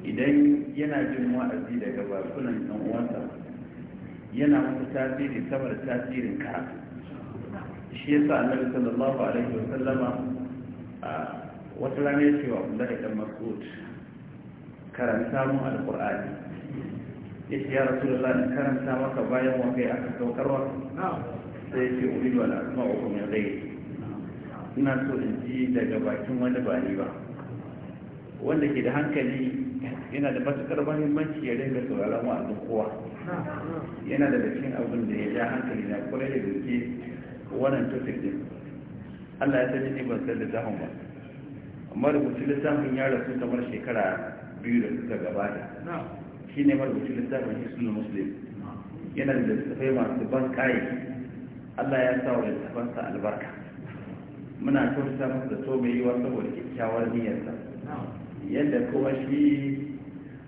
idan yana jin wa'azi daga sunan ɗan uwansa yana wata tasiri sama da tasirin karatu shi yasa annabi sallallahu alaihi wa wata rana ya ce wa da dan masu karanta mun Alƙur'ani. ya ya rasu da in karanta maka bayan wakai aka saukarwa sai ce uri ba da asma uku mai zai ina so in ji daga bakin wani ba ni ba wanda ke da hankali yana da matuƙar mahimmanci ya dinga sauraron wa'azin kowa yana da cikin abin da ya ja hankali na kwarai da gaske wannan tafiyar din Allah ya sani ne ban san littafin ba amma rubutu littafin ya rasu kamar shekara biyu da suka gabata shi ne marubucin littafin hisnul muslim yana da littafai masu ban kayi Allah ya sa wa littafansa albarka muna kyautata masa da so mai yiwa saboda kyakkyawar niyyarsa yadda kuma shi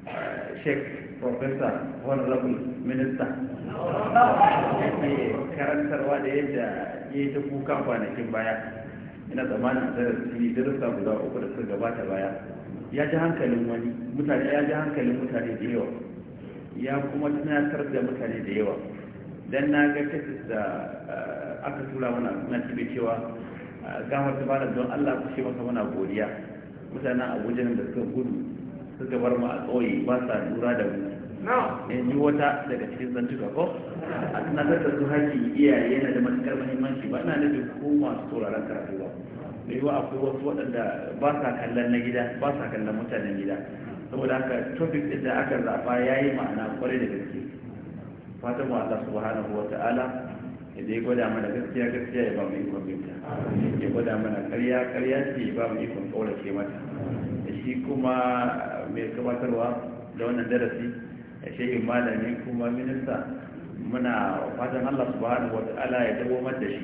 eh, sheik minista honorable minister karantarwa da yadda ya yi ta kuka kwanakin baya ina tsammanin da darussa guda uku da suka gabata baya ya ji hankalin wani mutane ya ji hankalin mutane da yawa ya kuma tunatar da mutane da yawa don na ga kasis da eh, aka tura mana na tibe cewa eh, gamar ta bada don allah ku ce masa mana godiya mutanen abujan da suka gudu suka bar mu a tsoye ba sa lura da mu in yi wata daga cikin zantuka ko a tunatar da su haƙƙin iyaye yana da matuƙar muhimmanci ba ina nufin ko masu sauraron karatu ba da yiwa akwai wasu waɗanda ba sa kallon na gida ba sa kallon mutanen gida saboda haka topic da aka zaɓa ya yi ma'ana kwarai da gaske fatan mu Allah subhanahu wa ta'ala idan ya gwada mana gaskiya gaskiya ya ba mu ikon binta ya gwada mana ƙarya ƙarya ce ya ba mu ikon ƙaurace mata da shi kuma mai gabatarwa da wannan darasi a shehin malami kuma minista muna fatan Allah subhanahu wa ta'ala ya dawo da shi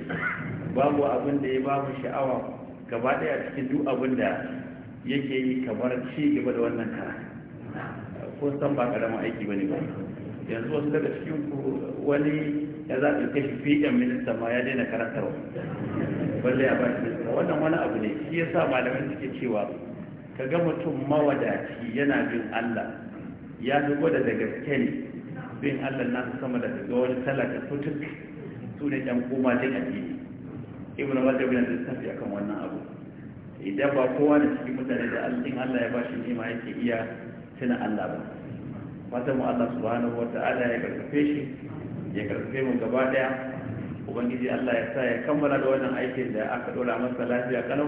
babu abin da ya ba mu sha'awa gaba daya cikin duk abin da yake yi kamar ci gaba da wannan kara ko san ba karama aiki bane ba yanzu wasu daga cikin ku wani ya za ka kashi fiye minista ma ya daina karantarwa balle ya ba shi wannan wani abu ne shi yasa malamin suke cewa ka ga mutum mawadaci yana bin Allah ya fi gwada da gaske ne bin Allah na sama da ga wani talaka fituk su ne ɗan koma jin addini ibn rajab yana tafiya akan wannan abu idan ba kowa da cikin mutane da alƙin Allah ya bashi nima yake iya tuna Allah ba fatan mu Allah subhanahu wa ta'ala ya karfafe shi ya karfafe mu gaba daya ubangiji Allah ya sa ya kammala da wannan aikin da aka dora masa lafiya kalau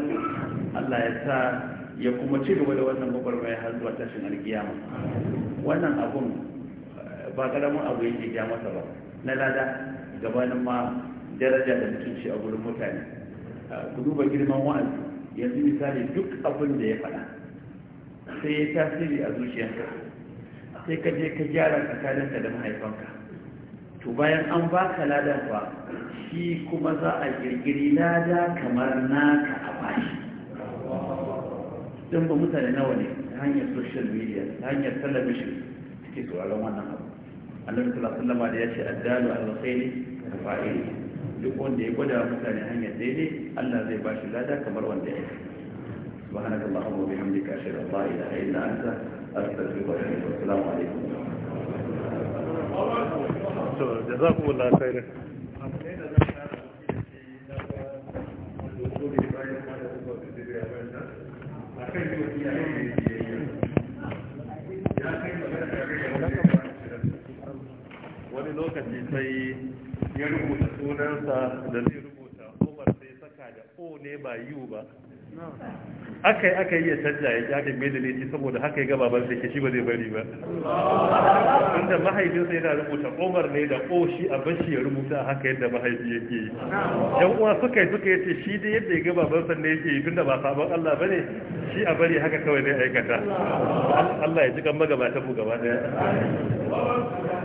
Allah ya sa ya kuma ci gaba da wannan gwagwarmaya har zuwa tashin alkiyama wannan abun ba karamin abu yake ya masa ba na lada gabanin ma daraja da mutunci a gurin mutane ku duba girman wa'azi yanzu misali duk abin da ya faɗa sai ya tasiri a zuciyarka sai ka je ka gyara tsakaninka da mahaifanka to bayan an baka ladan ba, shi kuma za a girgiri lada kamar naka a bashi don ba mutane nawa ne ta hanyar social media ta hanyar television suke tsoron wannan abu annabi sallallahu alaihi wasallam da ya ce addalu al-khairi ka fa'ili duk wanda ya gwada mutane hanyar daidai Allah zai bashi lada kamar wanda ya yi subhanaka allahumma wa bihamdika ashhadu an la ilaha illa anta astaghfiruka wa atubu ilaik assalamu yi ya lokaci sai ya rubuta sunansa da zai rubuta umar sai saka da o ne ba yu ba aka yi aka yi ya canja ya ji aka mai da laifi saboda haka ya gaba ban sai shi ba zai bari ba inda mahaifinsa yana rubuta umar ne da o shi a bashi ya rubuta haka yadda mahaifi yake yi yan uwa suka yi suka yi ce shi dai yadda ya gaba ba ban sanne yake yi tunda ba sabon Allah ba ne shi a bari haka kawai ne aikata Allah ya ji kan magabata mu gaba daya